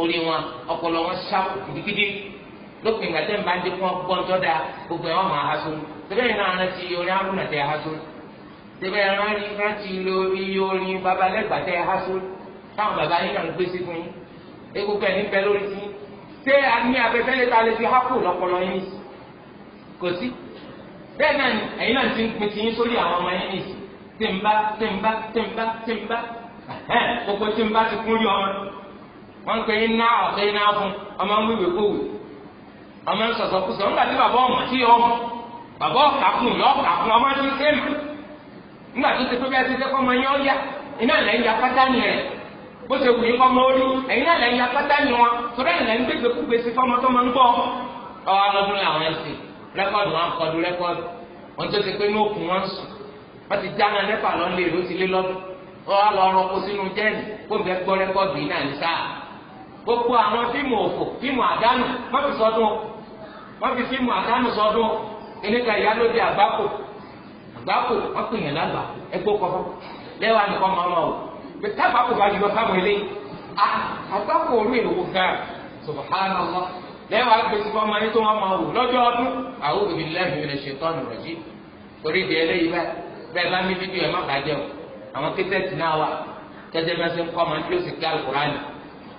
orí wọn ọpọlọ wọn ṣá gidigidi lópin ìgbà tẹ́ ń bá ń dínkù gbọ́ntọ́ da gbogbo ẹ̀ wọ́n máa ha sóun síbẹ̀ yìí náà rántí orin arúnà tẹ́ ha sóun síbẹ̀ rántí lórí orin babalẹ́gbà tẹ́ ha sóun táwọn bàbá yín náà ń gbé sí fún yín egungun ẹ̀ níbẹ̀ lórí sí ṣé a ní afẹ́fẹ́ lé ta lè fi hápò lọ́pọlọ yín nìsí kò sí bẹ́ẹ̀ náà ẹ̀yin náà ti ń pin tiyín sórí àwọn ọmọ yín nìsí tìǹbà tìǹbà tìǹbà tìǹbà gbogbo tìǹbà ọmọ sọ̀sọ̀ kù sọ̀ nígbà tí bàbá ọmọ tí ọmọ bàbá ọ̀kàkùn yọ ọ̀kàkùn ọmọ tí ṣe mà nígbà tó ti pé bẹ́ẹ̀ ti sẹ́kọ́ ọmọ yẹn ó yá iná lẹ́yìn apátá ni rẹ̀ bó ṣe wù yín kọ́ ọmọ ó ní ẹ̀yin náà lẹ́yìn apátá ni wọn torí ẹ̀ lẹ́yìn gbégbé kú gbèsè fọmọ tó máa ń gbọ́ ọ alọ́dún làwọn ẹ̀sìn rẹ́kọ́ọ̀dù wọn kọ́ọ̀dù rẹ́kọ́ọ̀dù wọn tó ti pé ní òkun wọn sùn wọ́n ti dáná nẹ́pà lọ́lẹ̀ ló ti lé lọ́dún ọ alọ́ ọrọ̀ kó sínú jẹ́ẹ̀lì kó bẹ́ẹ̀ gbọ́ rẹ́kọ́ọ̀dù yìí náà ní gbogbo àwọn fíìmù òfò fíìmù àdánù wọ́n fi sọdún wọ́n fi fíìmù àdánù sọdún ẹnìkà ìyálóde àgbákò àgbákò wọ́n pè yàn lágbà ẹgbó kọ́kọ́ lẹ́wà nìkan máa ma o tábàkò bá yọ fáwọn ilé àgbákò orí èwo gan subhanallah lẹ́wà gbèsè fún ọmọ yín tó wọ́n máa wò lọ́jọ́ ọdún àwọn òbí lẹ́yìn ìrìn ṣe tọ́nu rẹ̀ jí orí ìdí ẹlẹ́yìí báyìí bẹ́ẹ̀ bá mi fídíò ẹ̀ má bàjẹ́ o àwọn kẹ́tẹ́ẹ̀tì náà wà tẹ́tẹ́ bá ṣe ń kọ́ ọmọ tí ó sì kí alukurani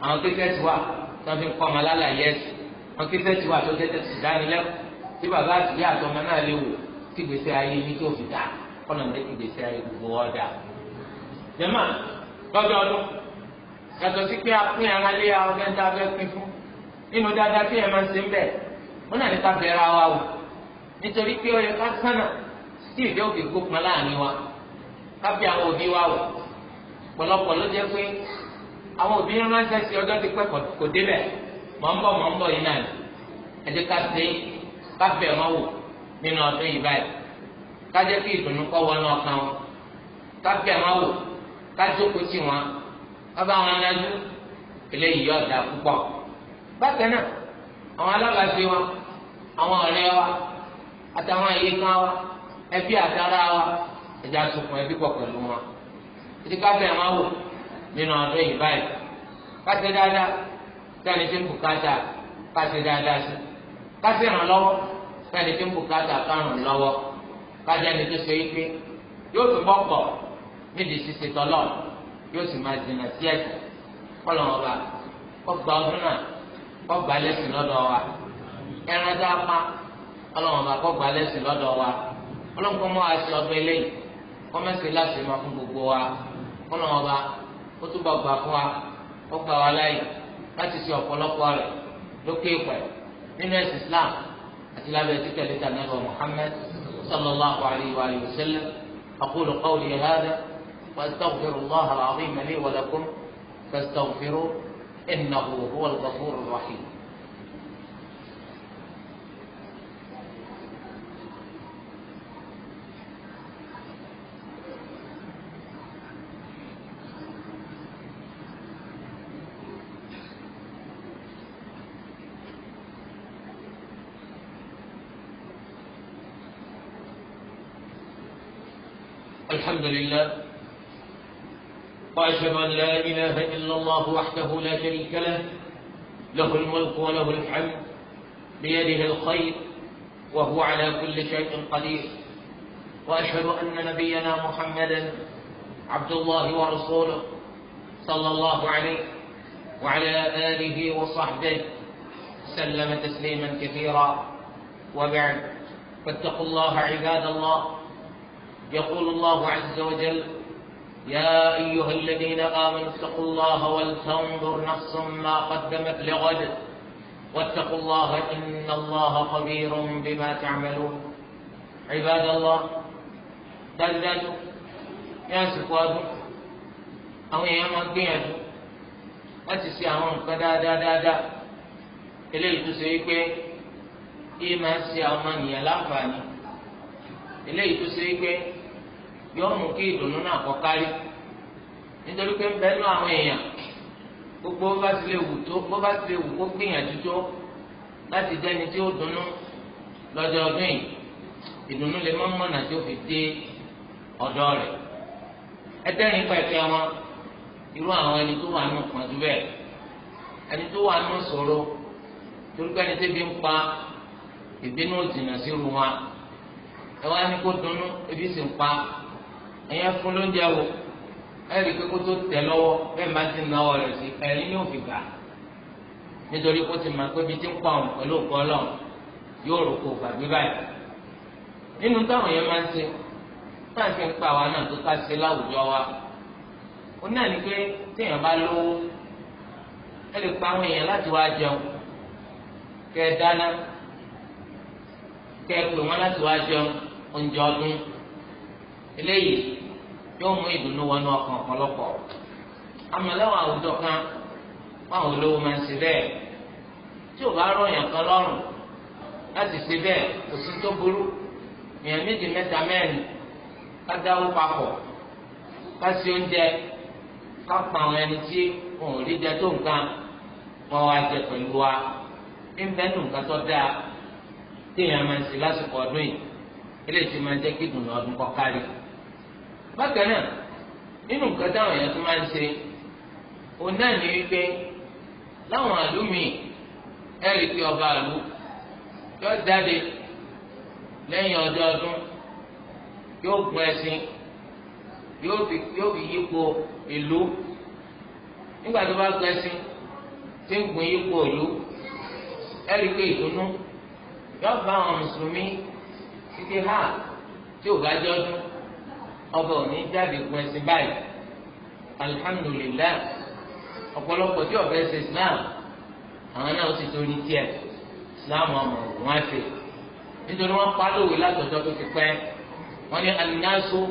àwọn kẹsẹ̀tì wà tí wọ́n fi ń kọ́ ọmọ alálàyé ẹ̀sìn àwọn kẹsẹ̀tì wà tó tẹ́tẹ́ sì dánilẹ́kọ̀ọ́ tí bàbá àtìyá àtọmọ náà lè wò tí gbèsè ayé yín tó fi dà kọ́nà ní ti gbèsè ayé gbogbo wọn dà. jẹ́mà lọ́jọ́ ọdún yàtọ̀ sí pé apín ara lé àwọn ọ̀gá ń ta fẹ́ pín fún nínú dáadáa tí ẹ̀ máa ń ṣe ń bẹ̀ wọ́n náà ní ká bẹ̀rẹ̀ ara wò nítorí pé ó yẹ tí ìdí òkè gbópọn láàrin wa ká àwọn òbí wa wò pọ̀lọpọ̀ ló jẹ́ pé àwọn òbí ń ránṣẹ́ sí ọjọ́ ti pẹ́ kò débẹ̀ mọ̀ ń bọ̀ mọ̀ ń bọ̀ yìí náà ẹ jẹ́ ká ṣe ká bẹ̀ wọ́n wò nínú ọdún yìí báyìí ká jẹ́ kí ìdùnnú kọ́ wọn náà kan wọn ká bẹ̀ wọ́n wò ká jókòó tì wọn ká bá wọn wa àwọn ọ̀rẹ́ wa àtàwọn wa ẹbí àtàrà wa ẹ̀já sọkùn ẹbí pọ̀ pẹ̀lú wọn nínú ọdún yìí báyìí kásẹ̀ dáadáa sẹ́ni tí ń bùkátà kásẹ̀ dáadáa sí kásẹ̀ ràn lọ́wọ́ sẹ́ni tí ń bùkátà kárùn lọ́wọ́ kájà ni tó ṣe é pé yóò tún bọ́ pọ̀ nídìí ṣíṣe tọ́lọ̀ yóò sì máa dènà sí ẹ̀sẹ̀ kọ́lọ́wọ́ bá ọgbà ọdún náà kọ́gbà lẹ́sìn lọ́dọ̀ wa ẹran tá a pa ọlọ́wọ́n bá kọ́gbà lẹ́sìn lọ́dọ̀ wa ọlọ́wọ́n mọ́ àṣẹ ọdún eléyìí kọ́mẹ́sì láti máa fún gbogbo wa kọ́lọ́wọ́n bá ó tún bá gbà fún wa ó gbà wá láyè láti ṣe ọ̀pọ̀lọpọ̀ rẹ̀ lókè ìpẹ́ nínú ẹ̀sìn Islam àti lábẹ́ títẹ̀lé tàbí Muhammad صلى الله عليه وآله وسلم أقول قولي هذا وأستغفر الله العظيم لي ولكم فاستغفروه إنه هو الغفور الرحيم الحمد لله وأشهد أن لا إله إلا الله وحده لا شريك له له الملك وله الحمد بيده الخير وهو على كل شيء قدير وأشهد أن نبينا محمدا عبد الله ورسوله صلى الله عليه وعلى آله وصحبه سلم تسليما كثيرا وبعد فاتقوا الله عباد الله يقول الله عز وجل يا ايها الذين امنوا اتقوا الله ولتنظر نفس ما قدمت لغد واتقوا الله ان الله خبير بما تعملون عباد الله دلدل يا سكواد او يا مكياد اتسي اهون كدا دا دا دا الليل تسيكي ايما سي اهون يلافاني الليل تسيكي yọ mú kí ìdùnnú náà kọ́ kárí nítorí pé ń bẹ́ẹ̀ nú àwọn èèyàn gbogbo bó bá ti lè wù tó bó bá ti lè wù kó gbìyànjú tó láti tí ó dunnú lọ́jọ́ ọdún yìí ìdùnnú lè má mọ̀nà tó fi dé ọ̀dọ́ rẹ̀ ẹtẹ́rin pẹ̀pẹ́ wọn irú àwọn ẹni tó wà nù pọ̀jù bẹ́ẹ̀ ẹni tó wà nù ẹ̀yẹ fún lóúnjẹ wò ẹ̀rí pé kó tó tẹ̀ lọ́wọ́ bẹ́ẹ̀ máa ti náwó rẹ̀ sí ẹ̀rín ní òfin gbà nítorí kó ti máa pé bí ti ń pa òun pẹ̀lú òkú ọlọ́run yóò rò kó gbàgbé báyìí nínú táwọn yẹn máa ń ṣe náà fi ń pa àwa náà tó ká ṣe láwùjọ wa ó náà ní pé téèyàn bá lówó ẹ lè pa àwọn èèyàn láti wá jẹun kẹ ẹ dáná kẹ ẹ pè wọn láti wá jẹun oúnjẹ ọdún eléyìí yóò mú ìdùnnú wọnú ọkàn ọ̀pọ̀lọpọ̀ amọ̀lẹ́wọ̀n àwùjọ kan báwọn olówó máa ń ṣe bẹ́ẹ̀ tí ò bá rọ̀yàn kan lọ́rùn láti ṣe bẹ́ẹ̀ kò sí tó burú èèyàn méjì mẹ́ta mẹ́rin ká dáwó papọ̀ ká ṣe oúnjẹ ká pa àwọn ẹni tí wọn ò rí jẹ tó nǹkan wọn wá jẹ pẹ̀lú wa níbẹ̀ nù nǹkan tó dáa téèyàn máa ń ṣe lásìkò ọdún yìí eléyìí ti máa ń jẹ́ kí ìdùnnú ọdún kọ́ kárí. bákan náà nínú nǹkan táwọn èèyàn tó máa ń ṣe òun náà ní wípé láwọn àlùmí pé ọba àlù yóò jáde lẹ́yìn ọjọ́ ọdún yóò gun ẹṣin yóò fi yípo ìlú nígbà tó bá gun ẹṣin tí ń gun yípo ìlú pé ha tí ò bá ọba òní jáde kun ẹsìn báyìí alihamudulilayi ọ̀pọ̀lọpọ̀ tí ọ̀fẹ́ ṣe islam àwọn náà ó sì tó ní tiẹ̀ islam ọmọ wọn ṣe nítorí wọn pa lóòwe látọjọ́ tó ti pẹ́ wọn ní alinaso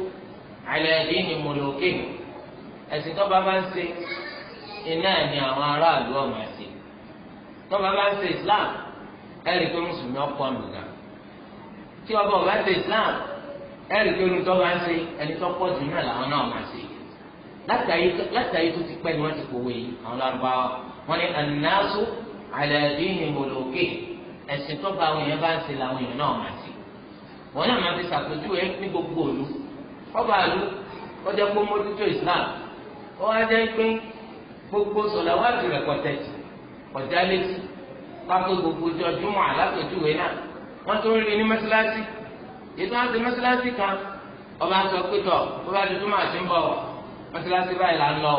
alẹ́dí ni mọ̀lọ́kè ẹ̀sìn tọ́ba bá ń ṣe iná ni àwọn aráàlú ọmọ ẹ̀sìn tọ́ba bá ń ṣe islam ẹ̀rí pé mùsùlùmí ọ̀pọ̀ nùgà tí ọba ọba ṣe islam. ẹ̀rí pé irun tó bá ń ṣe ẹni tó pọ̀ jù náà làwọn náà máa tó ti pẹ́ ni wọ́n ti kówó yìí àwọn lárúbáwá wọ́n ní ànínásù àlẹ́dí ìmọ̀lòkè ẹ̀sìn tó àwọn èèyàn bá ń ṣe làwọn èèyàn náà máa ṣe wọ́n náà máa fi ṣàpèjúwe ní gbogbo òlu ọba àlú pé mójútó Islam ó wá jẹ́ pé gbogbo sọ̀làwádìí rẹ̀ kọ̀tẹ́tì ètò àti mọ́sálásí kan ọba sọ pé tọ̀ bó bá ti túmọ̀ àti ń bọ̀ mọ́sálásí báyìí là ń lọ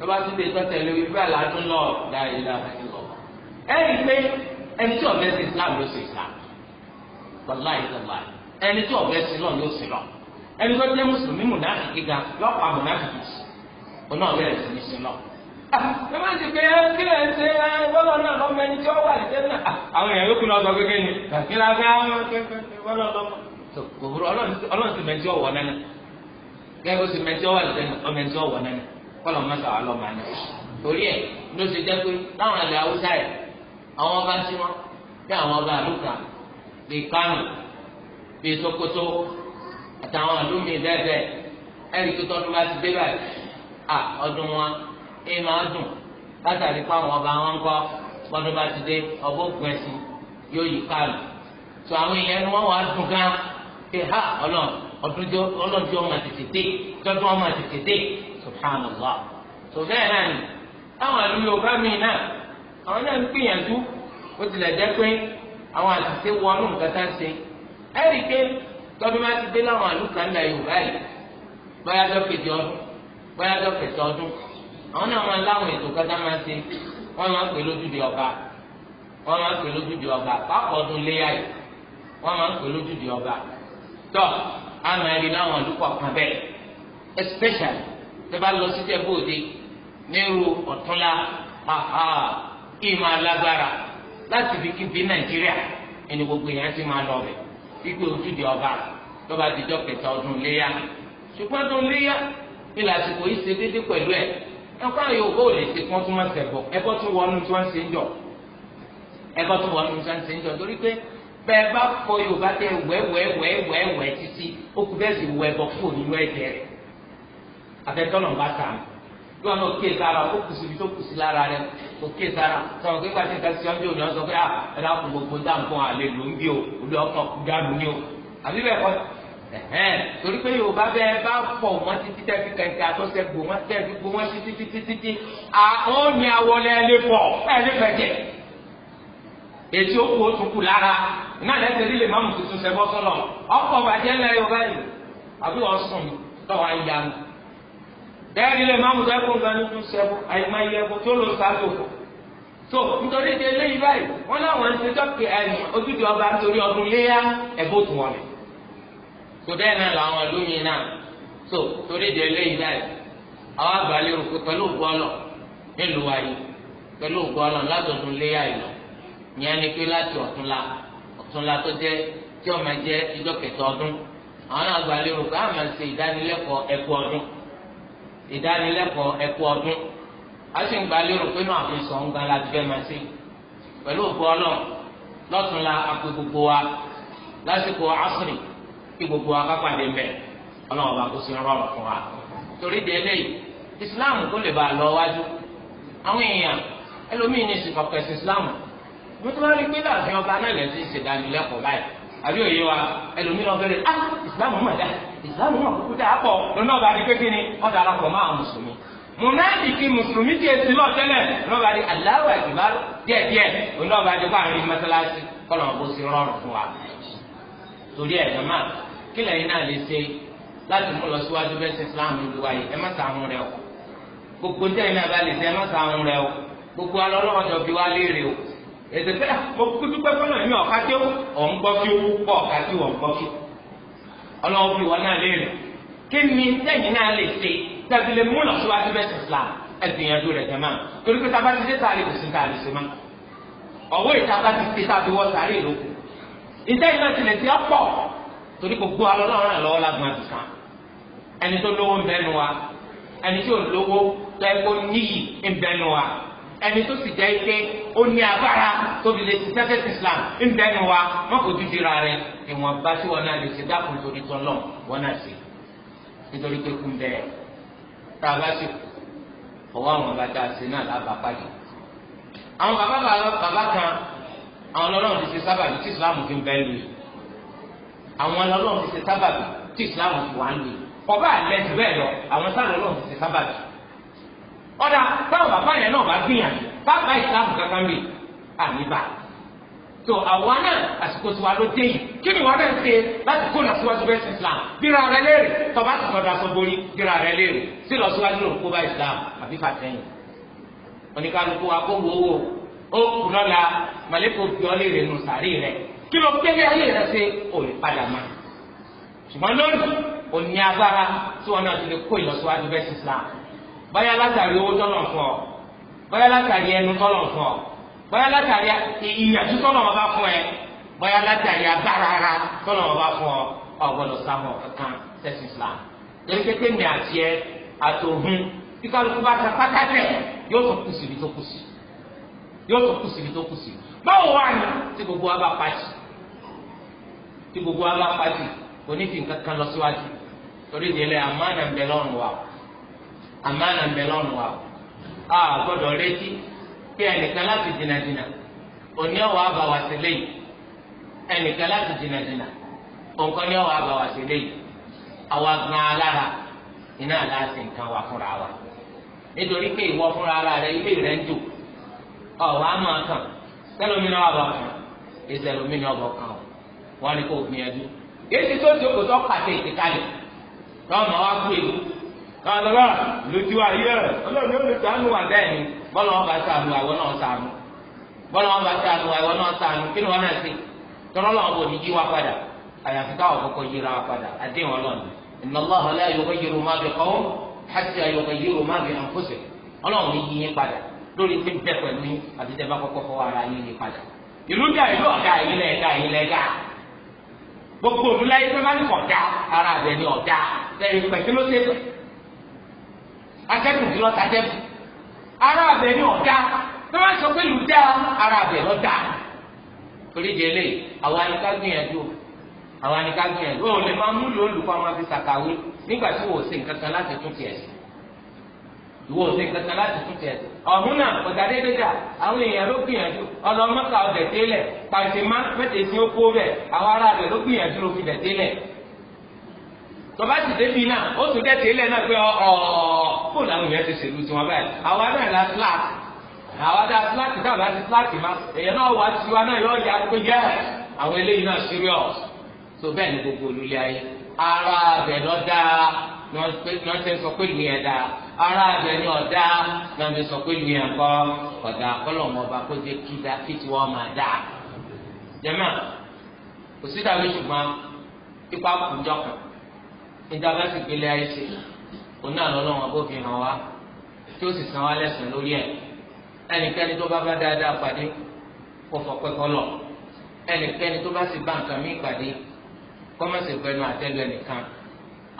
tó bá tún lè tọ́ tẹ̀lé ibi báyìí là ń tún lọ dáa ìlà àti lọ. ẹ rí i pé ẹni tí ọ̀bẹ sí Islam ló sì Islam wàlá ìjọba ẹni tí ọ̀bẹ sí lọ ló sì lọ ẹni tó jẹ́ mùsùlùmí mùnáfi gíga lọ́pàá mùnáfi gíga ọ̀nà ọ̀bẹ rẹ̀ sì ní sí lọ. Ah, ẹ má ti pé kí lè ṣe bọ́lọ̀ náà lọ́mọ ah, ni kí lè ṣe àwọn tó òwúrọ̀ ọlọ́run ti mẹ́tí ọ̀wọ́ nánà gẹ́gẹ́ bó ti mẹ́tí ọ̀wọ́ àlùjẹ́nà ọmẹ́tí ọ̀wọ́ nánà kọ́lọ̀ mọ́tà wà máa nà torí ẹ̀ ló ṣe jẹ́ pé láwọn àlẹ́ haúsá yẹ àwọn ọba tí wọ́n bí àwọn ọba àlùkà bíi Kánò bíi Sokoto àtàwọn àlùmí bẹ́ẹ̀ ẹ̀rí tó tọ́jú bá ti dé báyìí à ọdún wọn ẹ máa dùn látàrí pé àwọn ọba wọn kọ́ bọ́dún bá ti dé ọgbọ́n ògùn yóò yí Kánò tó àwọn èèyàn ni wọ́n wàá dùn gan-an. pé ha ọlọ́run ọdún jọ ọlọ́run jọ ọmọ tètè dé jọjọ ọmọ tètè dé subhanallah tó bẹ́ẹ̀ náà ni táwọn ìlú yorùbá mi náà àwọn náà ń gbìyànjú ó tilẹ̀ jẹ́ pé àwọn ṣe ẹ rí i pé ti dé láwọn àlù kan dọ́kẹ̀tì ọdún dọ́kẹ̀tì ọdún àwọn náà máa láwọn ètò máa ọba wọ́n máa ń ọba pápá ọdún léyà yìí wọ́n máa ọba tọ́ àmọ́ ẹ̀rí láwọn olùkọ́ kan bẹ́ẹ̀ especially tẹ́ bá lọ sí jẹ́bú òde nírú ọ̀túnla ìmọ̀ alágbára láti fi kíbi nàìjíríà ẹni gbogbo yẹn ti máa lọ bẹ̀ wípé ojúde ọba lọ́ba àtijọ́ kẹta ọdún léyà ṣùgbọ́n ọdún léyà ní lásìkò yìí ṣe déédéé pẹ̀lú ẹ̀ ẹ̀kọ́ àyè òbó ò lè ṣe kí wọ́n tún máa ṣẹ̀bọ̀ ẹ̀kọ́ tún wọnú tí wọ́n ń ṣe ń jọ ẹ̀kọ́ tún wọnú tí wọ́n ń ṣe ń jọ torí pé bẹ́ẹ̀ bá fọ yorùbá tẹ wẹ́wẹ́wẹ́wẹ́wẹ́ títí ó kú bẹ́ẹ̀ sì wọ ẹbọ fún onínú ẹ̀jẹ̀ rẹ̀ àfẹ́tọ́nà bá sàn bí wọn náà kíyèsí e ara ó kù síbi tó kù sí lára rẹ̀ kò kíyèsí e ara sọ̀rọ̀ pé pàṣẹ ìka sí ọjọ́ òní ọ̀sán pé à ah, ẹ náà kú gbogbo dáǹkùn àlè ló ń bí o olú ọkàn dànù ni o àbí bẹ́ẹ̀ kọ́ ẹ̀hẹ́n torí pé yorùbá bẹ́ẹ̀ bá pọ̀ wọ́n títí tẹ́ fi kẹ̀kẹ́ àtọ́sẹ́ gbò wọ́n títí títí títí àwọn ò ní awọlé ẹ̀ lé ètí ó kú lara tún kú lára náà lẹ́sẹ̀ tuntun sẹ́gbọ́ sọ́lọ̀ ọkọ bàjẹ́ ńlẹ̀ yorùbá yìí àbí wọ́n sùn tọ́wọ́ ayé tó lọ sáájú so nítorí ti báyìí láwọn ojúde ọba nítorí ọdún léyà náà làwọn torí ti báyìí àwọn àgbà pẹ̀lú nílùú nya ni pé láti ọ̀túnla ọ̀túnla tó jẹ́ tí ó jẹ́ ìjọ kẹta ọdún àwọn náà gba àmà ṣe ìdánilẹ́kọ̀ọ́ ẹ̀kú ọdún ìdánilẹ́kọ̀ọ́ ẹ̀kú ọdún a sì ń gba lérò pé náà àfi sọ̀ ń gan láti fẹ́ máa ṣe pẹ̀lú òkú lọ́túnla àpè gbogbo wa lásìkò asiri kí gbogbo wa kápàdé mbẹ ọlọ́run ọba kó sí rọrùn fún wa nítorí pé láàfin ọba náà lè ti ṣèdánilẹ́kọ̀ọ́ báyìí àbí òye wa ẹlòmíì lọ bẹ̀rẹ̀ ah ìsìlámù mà dá ìsìlámù mà kúkú dá pọ̀ lọ́nà ọba rí kékeré ọ̀dà alákọ̀ọ́ máa mùsùlùmí munafiki mùsùlùmí tiẹ̀ sí lọ tẹ́lẹ̀ lọ́ba di Allahu akbar díẹ̀díẹ̀ lọ́ba di fún àárín mọ́sálásí kọ́nà ọ̀bọ̀ sí rọrùn fún wa. torí ẹ̀ jọ̀mọ́ kí lẹ́yìn náà lè ṣe láti mú lọ síwájú bẹ́ẹ̀ sí Islam ìlú wa yìí ẹ má sàánú rẹ o gbogbo tẹ́yìn náà bá lè ṣe ẹ má sàánú rẹ o gbogbo alọ́lọ́wọ́jọ bí wá léèrè o ètò pé ah, mo kúkú dúpẹ́ fọlọ́ ẹ̀mí ọ̀ká tí ò ń gbọ́ kí ó pọ̀ ọ̀ká tí ò ń gbọ́ kí ọlọ́run fi wọn náà léèrè kí ni sẹ́yìn náà lè ṣe tẹ̀sí lè múlò síwájú bẹ́ẹ̀ Islam ẹ̀gbìyànjú rẹ̀ jẹ̀ máa torí pé tábà ti dé sáré kò sí ní àlè ṣe máa ọ̀wọ́ ìtàkà ti ti sáfi wọ́ sáré lóko iṣẹ́ iná tilẹ̀ ti ọ̀pọ̀ torí gbogbo alọ́lọ́run lọ́wọ́ lágbọ́n àti sàn ẹni tó lówó ń ẹni tó sì jẹ́ ike ó ní agbára tóbi lè ti sẹ́kẹ̀tì islam ń bẹ́nu wa wọ́n kò dídì ra rẹ̀ ìwọ̀n bá tí wọn náà lè ṣe dákun torí tán lọ wọn náà ṣe nítorí pé kún bẹ́ẹ̀ tá a bá ṣe fọwọ́ àwọn bá dá ṣe náà lábàá pàdé. àwọn bàbá bàbá kan àwọn ọlọ́run ti ṣe sábàbí tí islam fi ń bẹ́ẹ̀ lù àwọn ọlọ́run ti ṣe sábàbí tí islam fi wà ń lù ọba àlẹ́ jù bẹ́ẹ̀ lọ àwọn sáà lọ́run ti ṣe sábàbí ọ̀dà táwọn bàbá yẹn náà bá gbìyànjú bàbá ìsìlámù kankan rè àníbà so àwa náà àsìkò tiwa ló dé yìí kí ni wọn bẹ ṣe láti kó lọ síwájú bẹ sí islam bíra rẹ léèrè tọba ti sọdọ aṣọ borí bíra rẹ léèrè sí lọ síwájú lòun kó bá islam àbí fàtẹyìn oníkàlùkù akówó owó ó kùnà la màlẹkọ bí ọ léèrè nù sàárì rẹ kí ló gbélé ayé rẹ ṣe ò lè padà má ṣùgbọ́n lónìí ò agbára tí wọn náà ti lè kó ìlọsíwájú bẹ sí islam báyà látàrí owó tọ́lọ̀ fún ọ báyà látàrí ẹnu tọ́lọ̀ fún ọ báyà látàrí ìyàtú tọ́lọ̀ wọn bá fún ẹ báyà látàrí agbára ara tọ́lọ̀ wọn bá fún ọ ọgbọ́dọ̀ sáwọn kankan sẹ́sì islam torí pé kémi àti ẹ àtòhun bí kálukú bá ta pátákẹ́ yóò tó kùsì bí tó kùsì yóò tó kùsì bí tó kùsì báwo wà ní tí gbogbo wa bá pàtì tí gbogbo wa bá pàtì kò ní fi nǹkan kan lọ síwájú torí ìdílé àmọ́ àná amana ń wa a gbọ́dọ̀ retí pé ẹnìkan láti jìnnàjìnnà òní ọ̀wọ́ àbá wa sí léyìí ẹnìkan láti jìnnàjìnnà òǹkan ní ọ̀wọ́ àbá wa sí léyìí àwa gan alára iná aláàsì nǹkan wà fúnra wa nítorí pé ìwọ fúnra ara rẹ ilé rẹ ń jò ọ̀wọ́ àmọ́ kan sẹ́lómìnà wà bá kan ìsẹ̀lómìnà ọ̀bọ̀ kan wọ́n ní kó gbìyànjú èsì tó ti o kò tó kàlọ́lá lójú ayé ọlọ́run yóò lè sànù wà bẹ́ẹ̀ ni bọ́lá wọn bá sànù àwọn náà sànù bọ́lá wọn bá sànù àwọn náà sànù kí ni wọn náà sè tọ́lọ́ làwọn bò ní yí wa padà àyàfi káwọn kọ́kọ́ yíra wa padà àdéhùn ọlọ́run inna Allah la yughayyiru ma bi qawmin hatta yughayyiru ma bi anfusihim ọlọ́run ní yí yín padà lórí pé bẹ́ẹ̀ pẹ̀lú àti tẹ́ bá kọ́kọ́ fọwọ́ ara yín yí padà ìlú dà ìlú ọ̀dà ìlẹ̀ ẹ̀dà ìlẹ̀ ẹ̀dà gbogbo òdúlá yìí fẹ́ máa ń kọ̀ dá ara rẹ̀ ní ọ̀dà lẹ́yìn pẹ̀sí atẹ́gùn ti lọ tatẹ́gùn ara abẹ ni ọ̀dá bí wọ́n sọ pé lùdá ara abẹ lọ́dá torí di ni àwọn anìká gbìyànjú àwọn anìká gbìyànjú ó lè máa mú lò olùkọ́ àwọn afi sàkàwé nígbà tí wò ó ṣe nǹkan kan láti tún tiẹ̀ sí ìwọ ò ṣe nǹkan kan láti tún tiẹ̀ sí ọ̀hún náà ọ̀dà déédéé dà àwọn èèyàn ló gbìyànjú ọlọ́mọ́ka ọ̀dẹ̀ télẹ̀ pàṣẹ má mẹ́tẹ̀ẹ́sì ó kó bẹ̀ àwọn ará tọba ti débi náà ó tún dẹ́ tẹ́lẹ̀ náà pé ọ̀ọ́ fún làwọn èèyàn ti ṣèlú tiwọn báyìí àwa náà la slack àwa dá slack dábàá ti slack má èèyàn náà wá tiwa náà yọ ya pé yẹ àwọn eléyìí náà serious tó bẹ́ẹ̀ ni gbogbo olúlé ayé ara abẹ lọ dáa lọ ṣe sọ pé ìlú yẹn dáa ara abẹ ni ọ̀dá lọ ṣe sọ pé ìlú yẹn kọ́ ọ̀dà kọ́lọ̀mọba kó jẹ́ kí dá kí tiwọn máa dáa jẹ́mọ̀ kò dàbí ṣùgbọ́n ipa kùjọ kan níta bá sì gbélé ayé ṣe òun náà lọ́nà wọn kó fi hàn wá tí ó sì san wá lẹ́sìn lórí ẹ̀ ẹnikẹ́ni tó bá bá dáadáa pàdé kó fọpẹ́ kọ́lọ̀ ẹnikẹ́ni tó bá sì bá nǹkan mí pàdé kó má sì gbẹnu àtẹ́lu ẹnìkan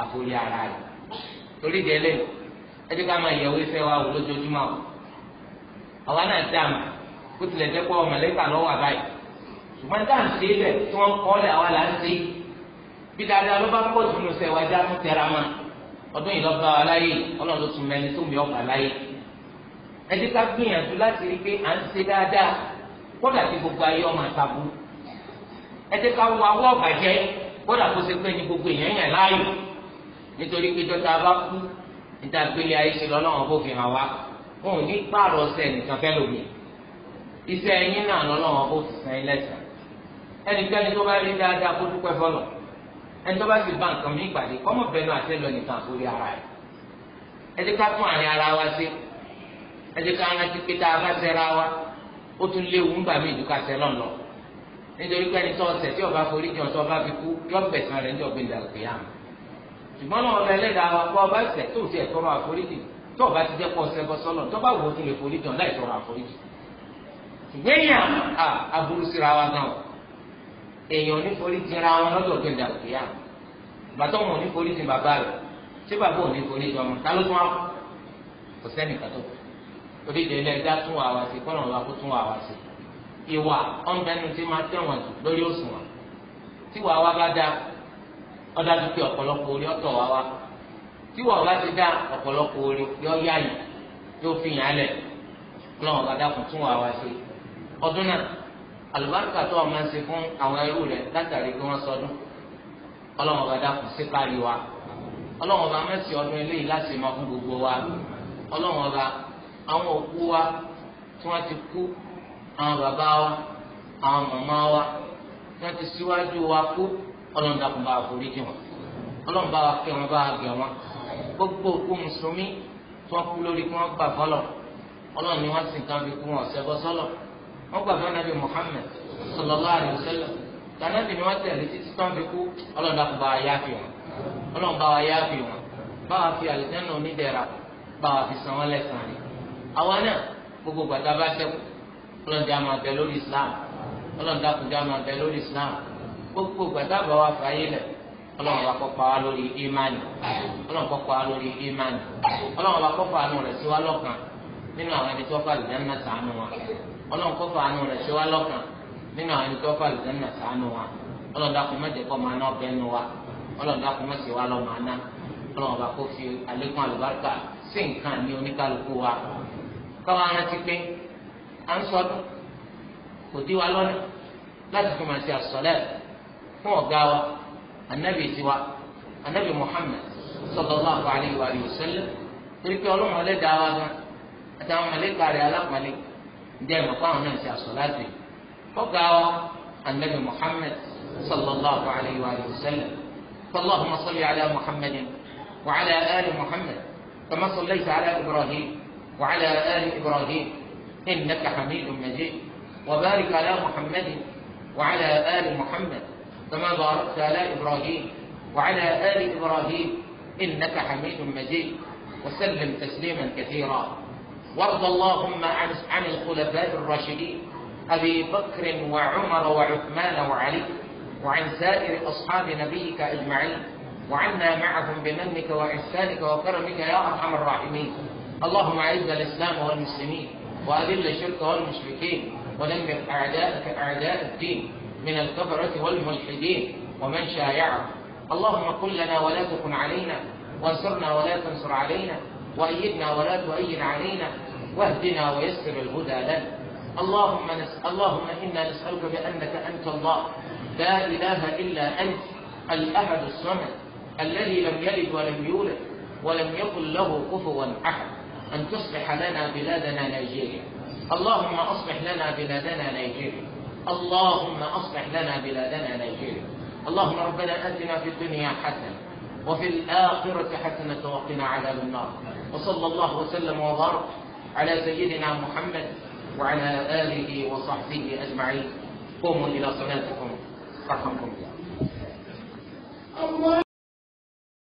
àforí ara rẹ̀ torí délé ẹdí ká máa yẹ̀wò ìfẹ́ wa wò lójoojúmọ́ o àwa náà dáàmú kó tilẹ̀ jẹ́ pé ọmọ lẹ́kà lọ́wọ́ àbáyé ṣùgbọ́n táà ń ṣe é lẹ̀ tí wọ́n kọ́ bí dáadáa ló bá pọ̀ jùlọ sẹ̀ wájú àtún tẹra mọ́ ọdún yìí lọ́ba aláyè ọlọ́run tún mẹ́ni tó mi ọ̀gá aláyè ẹ jẹ́ ká gbìyànjú láti rí i pé à ń ṣe dáadáa kódà tí gbogbo ayé ọmọ àtàbù ẹ jẹ́ ká wọ awọ́ ọ̀bàjẹ́ kódà kó ṣe pé ní gbogbo èèyàn láàyò nítorí pé dọ́tà bá kú níta gbélé ayé ṣe lọ́lọ́run fi hàn wá ní pààrọ̀ nìkan fẹ́ iṣẹ́ náà ẹni tó bá sì bá nǹkan mi pàdé kọ́mọ bẹnu àti ẹlọ nìkan àforí ara rẹ̀ ẹ jẹ́ ká fún àárín ara wa sí ẹ jẹ́ ká rántí pé tá a bá ṣẹra wa ó tún léwu ń bà mí ìdúkà sẹ́lọ̀ lọ nítorí pé ẹni tó ọ̀sẹ̀ tí ọba forí jọ tó ọba fi kú yọ bẹ̀sán rẹ̀ níjọ́ gbé ìdàgbé àmì ṣùgbọ́n náà ọba ẹlẹ́dàá wa kọ́ ọba ẹsẹ̀ tó ti ẹ̀tọ́ ra àforíjì tó ọba ti jẹ́ pọ̀ ṣẹ́gbọ́ sọ́lọ̀ tó bá wò ó tún lè forí jọ láì tọrọ àforíjì ṣùgbọ́n èèyàn aburú síra wa náà èèyàn oníforí jìnra wọn lọ́dọ̀ gbẹ̀dà òkèèyà bàtọ́ wọn oníforí jìn bàbá rẹ̀ tí bàbá oníforí jìn ọmọ ta ló tún wá kò sẹ́nìkan tó torí ìdílé ẹja tún wà wá sí kọ́nà wà kó tún wà wá sí ìwà ọ̀nbẹ́nu tí máa tẹ̀wọ̀n jù lórí òṣùwọ̀n tí wàá wá bá dá ọ̀dájú pé ọ̀pọ̀lọpọ̀ orí ọ̀tọ̀ wá wá tí wàá bá ti dá ọ̀pọ̀lọpọ̀ orí yọ yá yóò fi yàn án lẹ̀ ọlọ́run bá dákun tún wàá wá sí ọdún náà àlùbáríkà tó ọmọ ṣe fún àwọn ẹrú rẹ látàrí kí wọn sọdún ọlọ́run ọba dàkú sí kárí wa ọlọ́run ọba mẹ́sì ọdún eléyìí láti máa fún gbogbo wa ọlọ́run ọba àwọn òkú wa tí wọ́n ti kú àwọn bàbá wa àwọn màmá wa tí wọ́n ti síwájú wa kú ọlọ́run dàkú bá wa foríjì wọn ọlọ́run bá wa kẹ́ wọn bá wa gẹ̀ wọn gbogbo òkú mùsùlùmí tí wọ́n kú lórí kí wọ́n gbà fọlọ̀ ọlọ́run ni wọ́n sì kàn fi kú wọn ọ̀sẹ̀ bọ́ sọ́lọ̀. wọ́n gbàgbọ́ nàbì Muhammad sallallahu alayhi wa sallam tànàbì ni wọ́n tẹ̀lé títí tán fi kú ọlọ́dà kò bá wa yá fi wọn ọlọ́run bá wa yá fi wọn bá wa fi àlùjáná bá wa fi san wọn lẹ́sàn-án ni àwa náà gbogbo gbàdá bá ṣẹ́kù ọlọ́run máa bẹ lórí Islam ọlọ́run ọlọ́run kó fàánù rẹ̀ ṣe wá lọ́kàn nínú àwọn ẹnìkan fà lùdánù sànù wa ọlọ́run dákun má jẹ́ kó máa ná ọbẹ̀ nu wa ọlọ́run dákun má ṣe wá lọ́ máa ná ọlọ́run bá kó fi àlékún àlùbáríkà sí nǹkan ní oníkálukú wa káwa rántí pé à ń sọdún kò dí wa lọ́nà láti fi máa ṣe àsọlẹ̀ fún ọ̀gá wa anabi tiwa anabi Muhammad sallallahu alayhi wa sallam torí pé ọlọ́run ọlẹ́dàá wa gan àtàwọn mọ̀lẹ́kà alápàlẹ́ jẹ́ ìmọ̀ fáwọn náà ṣe àsọ̀láàtì fọ́gà ọ anabi muhammed sallallahu alayhi wa sallam fallahumma salli ala muhammed wa ala ali muhammed kama sallayta ala ibrahim wa ala ali ibrahim innaka hamidun majid wa barik ala muhammed wa ala ali muhammed kama barakta ala ibrahim wa ala ali ibrahim innaka hamidun majid وسلم تسليما كثيرا وارض اللهم عن عن الخلفاء الراشدين أبي بكر وعمر وعثمان وعلي وعن سائر أصحاب نبيك أجمعين وعنا معهم بمنك وإحسانك وكرمك يا أرحم الراحمين اللهم أعز الإسلام والمسلمين وأذل الشرك والمشركين ودمر أعداءك أعداء الدين من الكفرة والملحدين ومن شايعهم اللهم كن لنا ولا تكن علينا وانصرنا ولا تنصر علينا وأيدنا ولا تؤيد علينا واهدنا ويسر الهدى لنا اللهم نسأل اللهم إنا نسألك بأنك أنت الله لا إله إلا أنت الأحد الصمد الذي لم يلد ولم يولد ولم يكن له كفوا أحد أن تصلح لنا بلادنا نيجيريا اللهم أصلح لنا بلادنا نيجيريا اللهم أصلح لنا بلادنا نيجيريا اللهم ربنا آتنا في الدنيا حسنة وفي الآخرة حسنة وقنا عذاب النار وصلى الله وسلم وبارك على سيدنا محمد وعلى آله وصحبه أجمعين قوموا إلى صلاتكم رحمكم الله